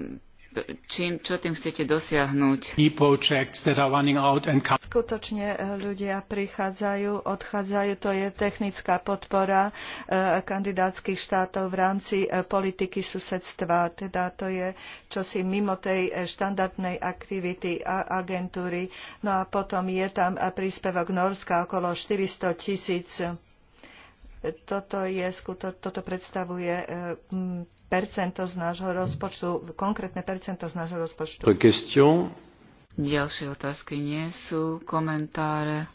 čím, čo tým chcete dosiahnuť? Skutočne e, ľudia prichádzajú, odchádzajú, to je technická podpora e, kandidátskych štátov v rámci e, politiky susedstva. Teda to je čosi mimo tej štandardnej aktivity a agentúry. No a potom je tam príspevok Norska okolo 400 tisíc toto, je, toto predstavuje e, percento z nášho rozpočtu, konkrétne percento z nášho rozpočtu. Question. Ďalšie otázky nie sú. Komentáre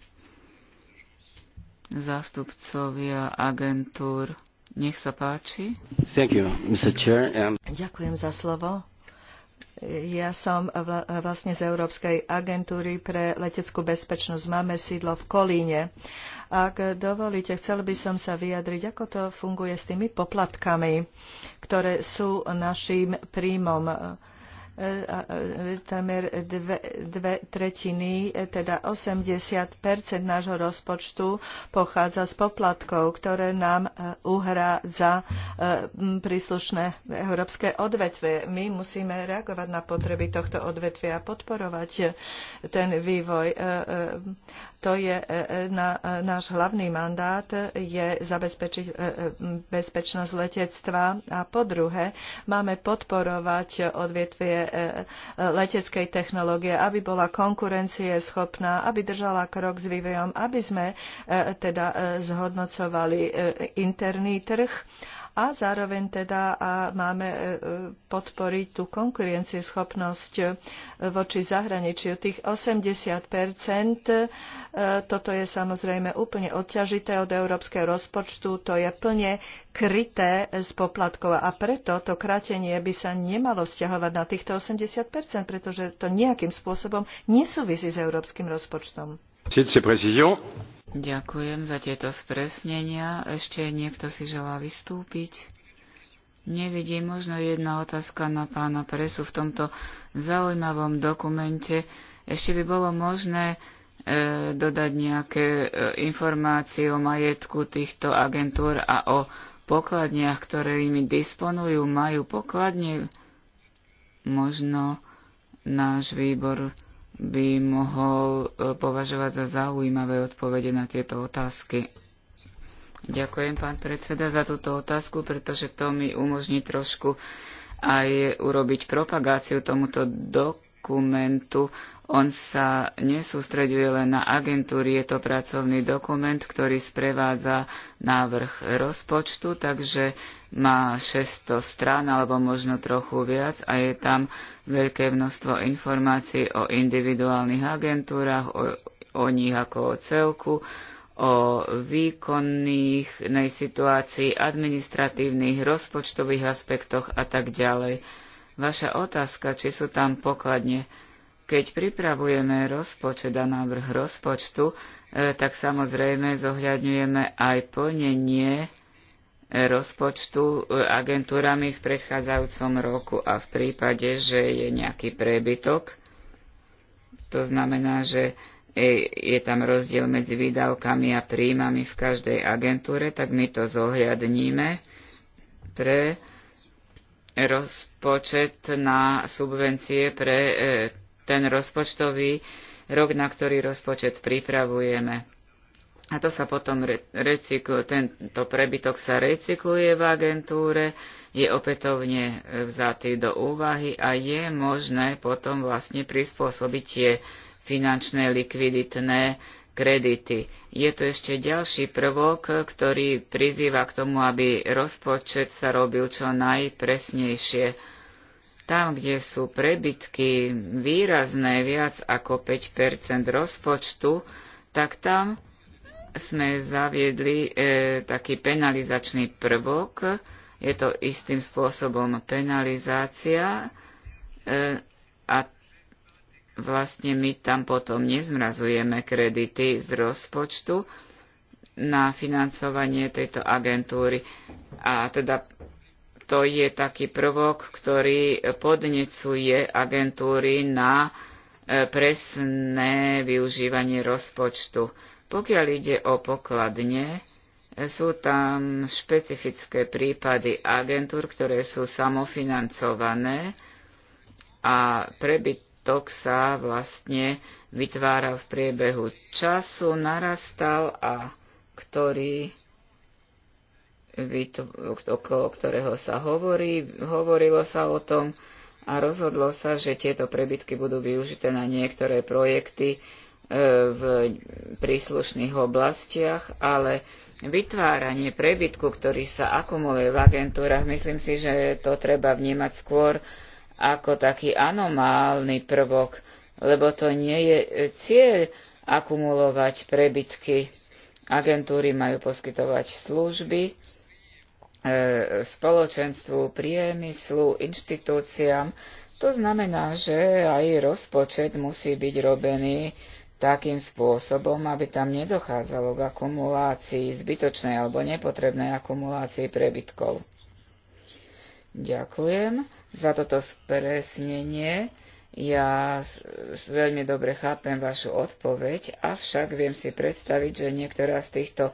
zástupcovia agentúr. Nech sa páči. Thank you, Mr. Chair. Um... Ďakujem za slovo. Ja som vlastne z Európskej agentúry pre leteckú bezpečnosť. Máme sídlo v Kolíne. Ak dovolíte, chcel by som sa vyjadriť, ako to funguje s tými poplatkami, ktoré sú našim príjmom takmer dve, dve tretiny, e, teda 80 nášho rozpočtu pochádza z poplatkov, ktoré nám e, uhrá za e, príslušné európske odvetvie. My musíme reagovať na potreby tohto odvetvia a podporovať ten vývoj. To je e, e, e, náš hlavný mandát, je zabezpečiť bezpečnosť letectva a po druhé máme podporovať odvietvie leteckej technológie, aby bola konkurencie schopná, aby držala krok s vývojom, aby sme teda zhodnocovali interný trh a zároveň teda a máme e, e, podporiť tú konkurencieschopnosť e, voči zahraničiu. Tých 80 toto je samozrejme úplne odťažité od európskeho rozpočtu, to je plne kryté z poplatkov a preto to kratenie by sa nemalo vzťahovať na týchto 80 pretože to nejakým spôsobom nesúvisí s európskym rozpočtom. Ďakujem za tieto spresnenia. Ešte niekto si želá vystúpiť? Nevidím možno jedna otázka na pána Presu v tomto zaujímavom dokumente. Ešte by bolo možné e, dodať nejaké e, informácie o majetku týchto agentúr a o pokladniach, ktoré imi disponujú, majú pokladne. Možno náš výbor by mohol e, považovať za zaujímavé odpovede na tieto otázky. Ďakujem, pán predseda, za túto otázku, pretože to mi umožní trošku aj urobiť propagáciu tomuto dokumentu on sa nesústreďuje len na agentúry, je to pracovný dokument, ktorý sprevádza návrh rozpočtu, takže má 600 strán alebo možno trochu viac a je tam veľké množstvo informácií o individuálnych agentúrach, o, o nich ako o celku, o výkonných situácii, administratívnych, rozpočtových aspektoch a tak ďalej. Vaša otázka, či sú tam pokladne keď pripravujeme rozpočet a návrh rozpočtu, e, tak samozrejme zohľadňujeme aj plnenie e, rozpočtu e, agentúrami v predchádzajúcom roku a v prípade, že je nejaký prebytok, to znamená, že je tam rozdiel medzi výdavkami a príjmami v každej agentúre, tak my to zohľadníme pre rozpočet na subvencie pre ten rozpočtový rok, na ktorý rozpočet pripravujeme. A to sa potom recykluje, tento prebytok sa recykluje v agentúre, je opätovne vzatý do úvahy a je možné potom vlastne prispôsobiť tie finančné likviditné kredity. Je tu ešte ďalší prvok, ktorý prizýva k tomu, aby rozpočet sa robil čo najpresnejšie tam, kde sú prebytky výrazné viac ako 5 rozpočtu, tak tam sme zaviedli e, taký penalizačný prvok. Je to istým spôsobom penalizácia e, a vlastne my tam potom nezmrazujeme kredity z rozpočtu na financovanie tejto agentúry. A teda to je taký prvok, ktorý podnecuje agentúry na e, presné využívanie rozpočtu. Pokiaľ ide o pokladne, e, sú tam špecifické prípady agentúr, ktoré sú samofinancované a prebytok sa vlastne vytvára v priebehu času, narastal a ktorý okolo ktorého sa hovorí, hovorilo sa o tom a rozhodlo sa, že tieto prebytky budú využité na niektoré projekty e, v príslušných oblastiach, ale vytváranie prebytku, ktorý sa akumuluje v agentúrach, myslím si, že to treba vnímať skôr ako taký anomálny prvok, lebo to nie je cieľ akumulovať prebytky. Agentúry majú poskytovať služby, E, spoločenstvu, priemyslu, inštitúciám. To znamená, že aj rozpočet musí byť robený takým spôsobom, aby tam nedochádzalo k akumulácii zbytočnej alebo nepotrebnej akumulácii prebytkov. Ďakujem za toto spresnenie. Ja veľmi dobre chápem vašu odpoveď, avšak viem si predstaviť, že niektorá z týchto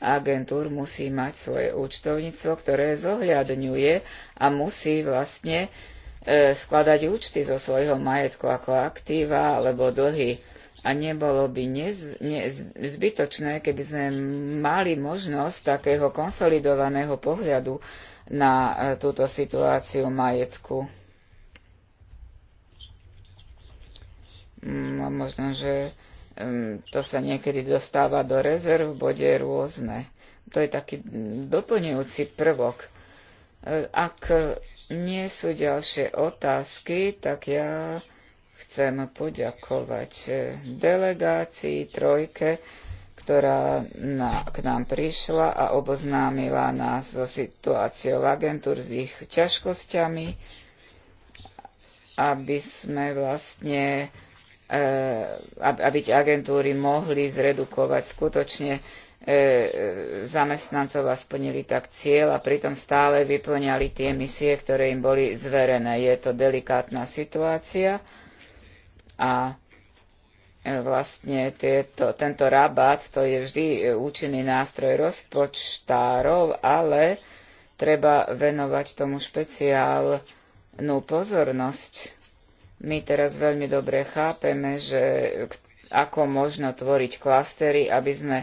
agentúr musí mať svoje účtovníctvo, ktoré zohľadňuje a musí vlastne e, skladať účty zo svojho majetku ako aktíva alebo dlhy. A nebolo by nez, nez, zbytočné, keby sme mali možnosť takého konsolidovaného pohľadu na e, túto situáciu majetku. Mm, možno, že to sa niekedy dostáva do rezerv v bode rôzne. To je taký doplňujúci prvok. E, ak nie sú ďalšie otázky, tak ja chcem poďakovať e, delegácii Trojke, ktorá na, k nám prišla a oboznámila nás so situáciou agentúr s ich ťažkosťami, aby sme vlastne Eh, aby agentúry mohli zredukovať skutočne eh, zamestnancov a splnili tak cieľ a pritom stále vyplňali tie misie, ktoré im boli zverené. Je to delikátna situácia a eh, vlastne tieto, tento rabat to je vždy účinný nástroj rozpočtárov, ale treba venovať tomu špeciálnu pozornosť my teraz veľmi dobre chápeme, že ako možno tvoriť klastery, aby sme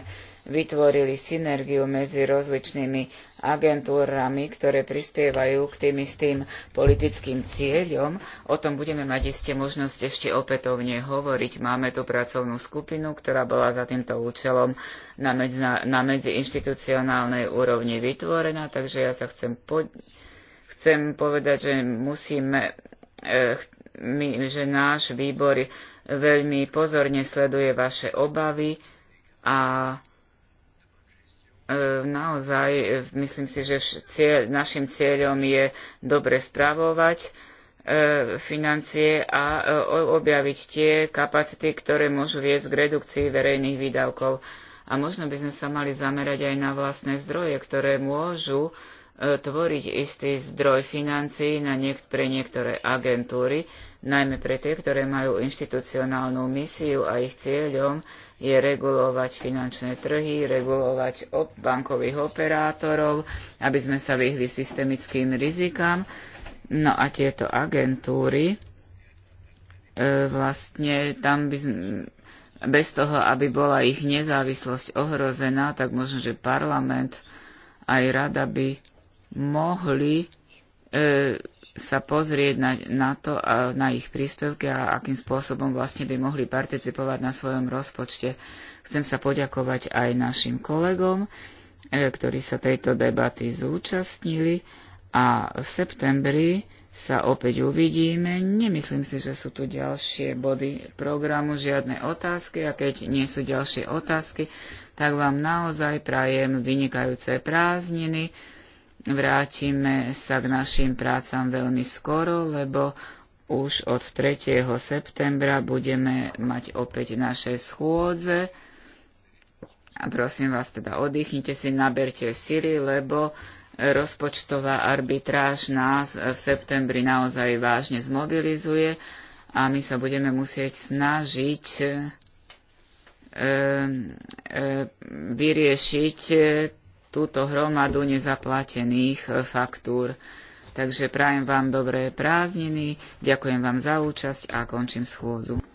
vytvorili synergiu medzi rozličnými agentúrami, ktoré prispievajú k tým istým politickým cieľom. O tom budeme mať iste možnosť ešte opätovne hovoriť. Máme tu pracovnú skupinu, ktorá bola za týmto účelom na, medzi, na medziinstitucionálnej úrovni vytvorená, takže ja sa chcem, po, chcem povedať, že musíme. E, my, že náš výbor veľmi pozorne sleduje vaše obavy a e, naozaj e, myslím si, že cieľ, našim cieľom je dobre spravovať e, financie a objaviť tie kapacity, ktoré môžu viesť k redukcii verejných výdavkov. A možno by sme sa mali zamerať aj na vlastné zdroje, ktoré môžu tvoriť istý zdroj financií na niek- pre niektoré agentúry, najmä pre tie, ktoré majú inštitucionálnu misiu a ich cieľom je regulovať finančné trhy, regulovať op- bankových operátorov, aby sme sa vyhli systemickým rizikám. No a tieto agentúry e, vlastne tam by sme, bez toho, aby bola ich nezávislosť ohrozená, tak možno, že parlament aj rada by mohli e, sa pozrieť na, na to, a na ich príspevky a akým spôsobom vlastne by mohli participovať na svojom rozpočte. Chcem sa poďakovať aj našim kolegom, e, ktorí sa tejto debaty zúčastnili a v septembri sa opäť uvidíme. Nemyslím si, že sú tu ďalšie body programu, žiadne otázky a keď nie sú ďalšie otázky, tak vám naozaj prajem vynikajúce prázdniny Vrátime sa k našim prácam veľmi skoro, lebo už od 3. septembra budeme mať opäť naše schôdze. A prosím vás teda, oddychnite si, naberte sily, lebo rozpočtová arbitráž nás v septembri naozaj vážne zmobilizuje a my sa budeme musieť snažiť e, e, vyriešiť túto hromadu nezaplatených e, faktúr. Takže prajem vám dobré prázdniny, ďakujem vám za účasť a končím schôdzu.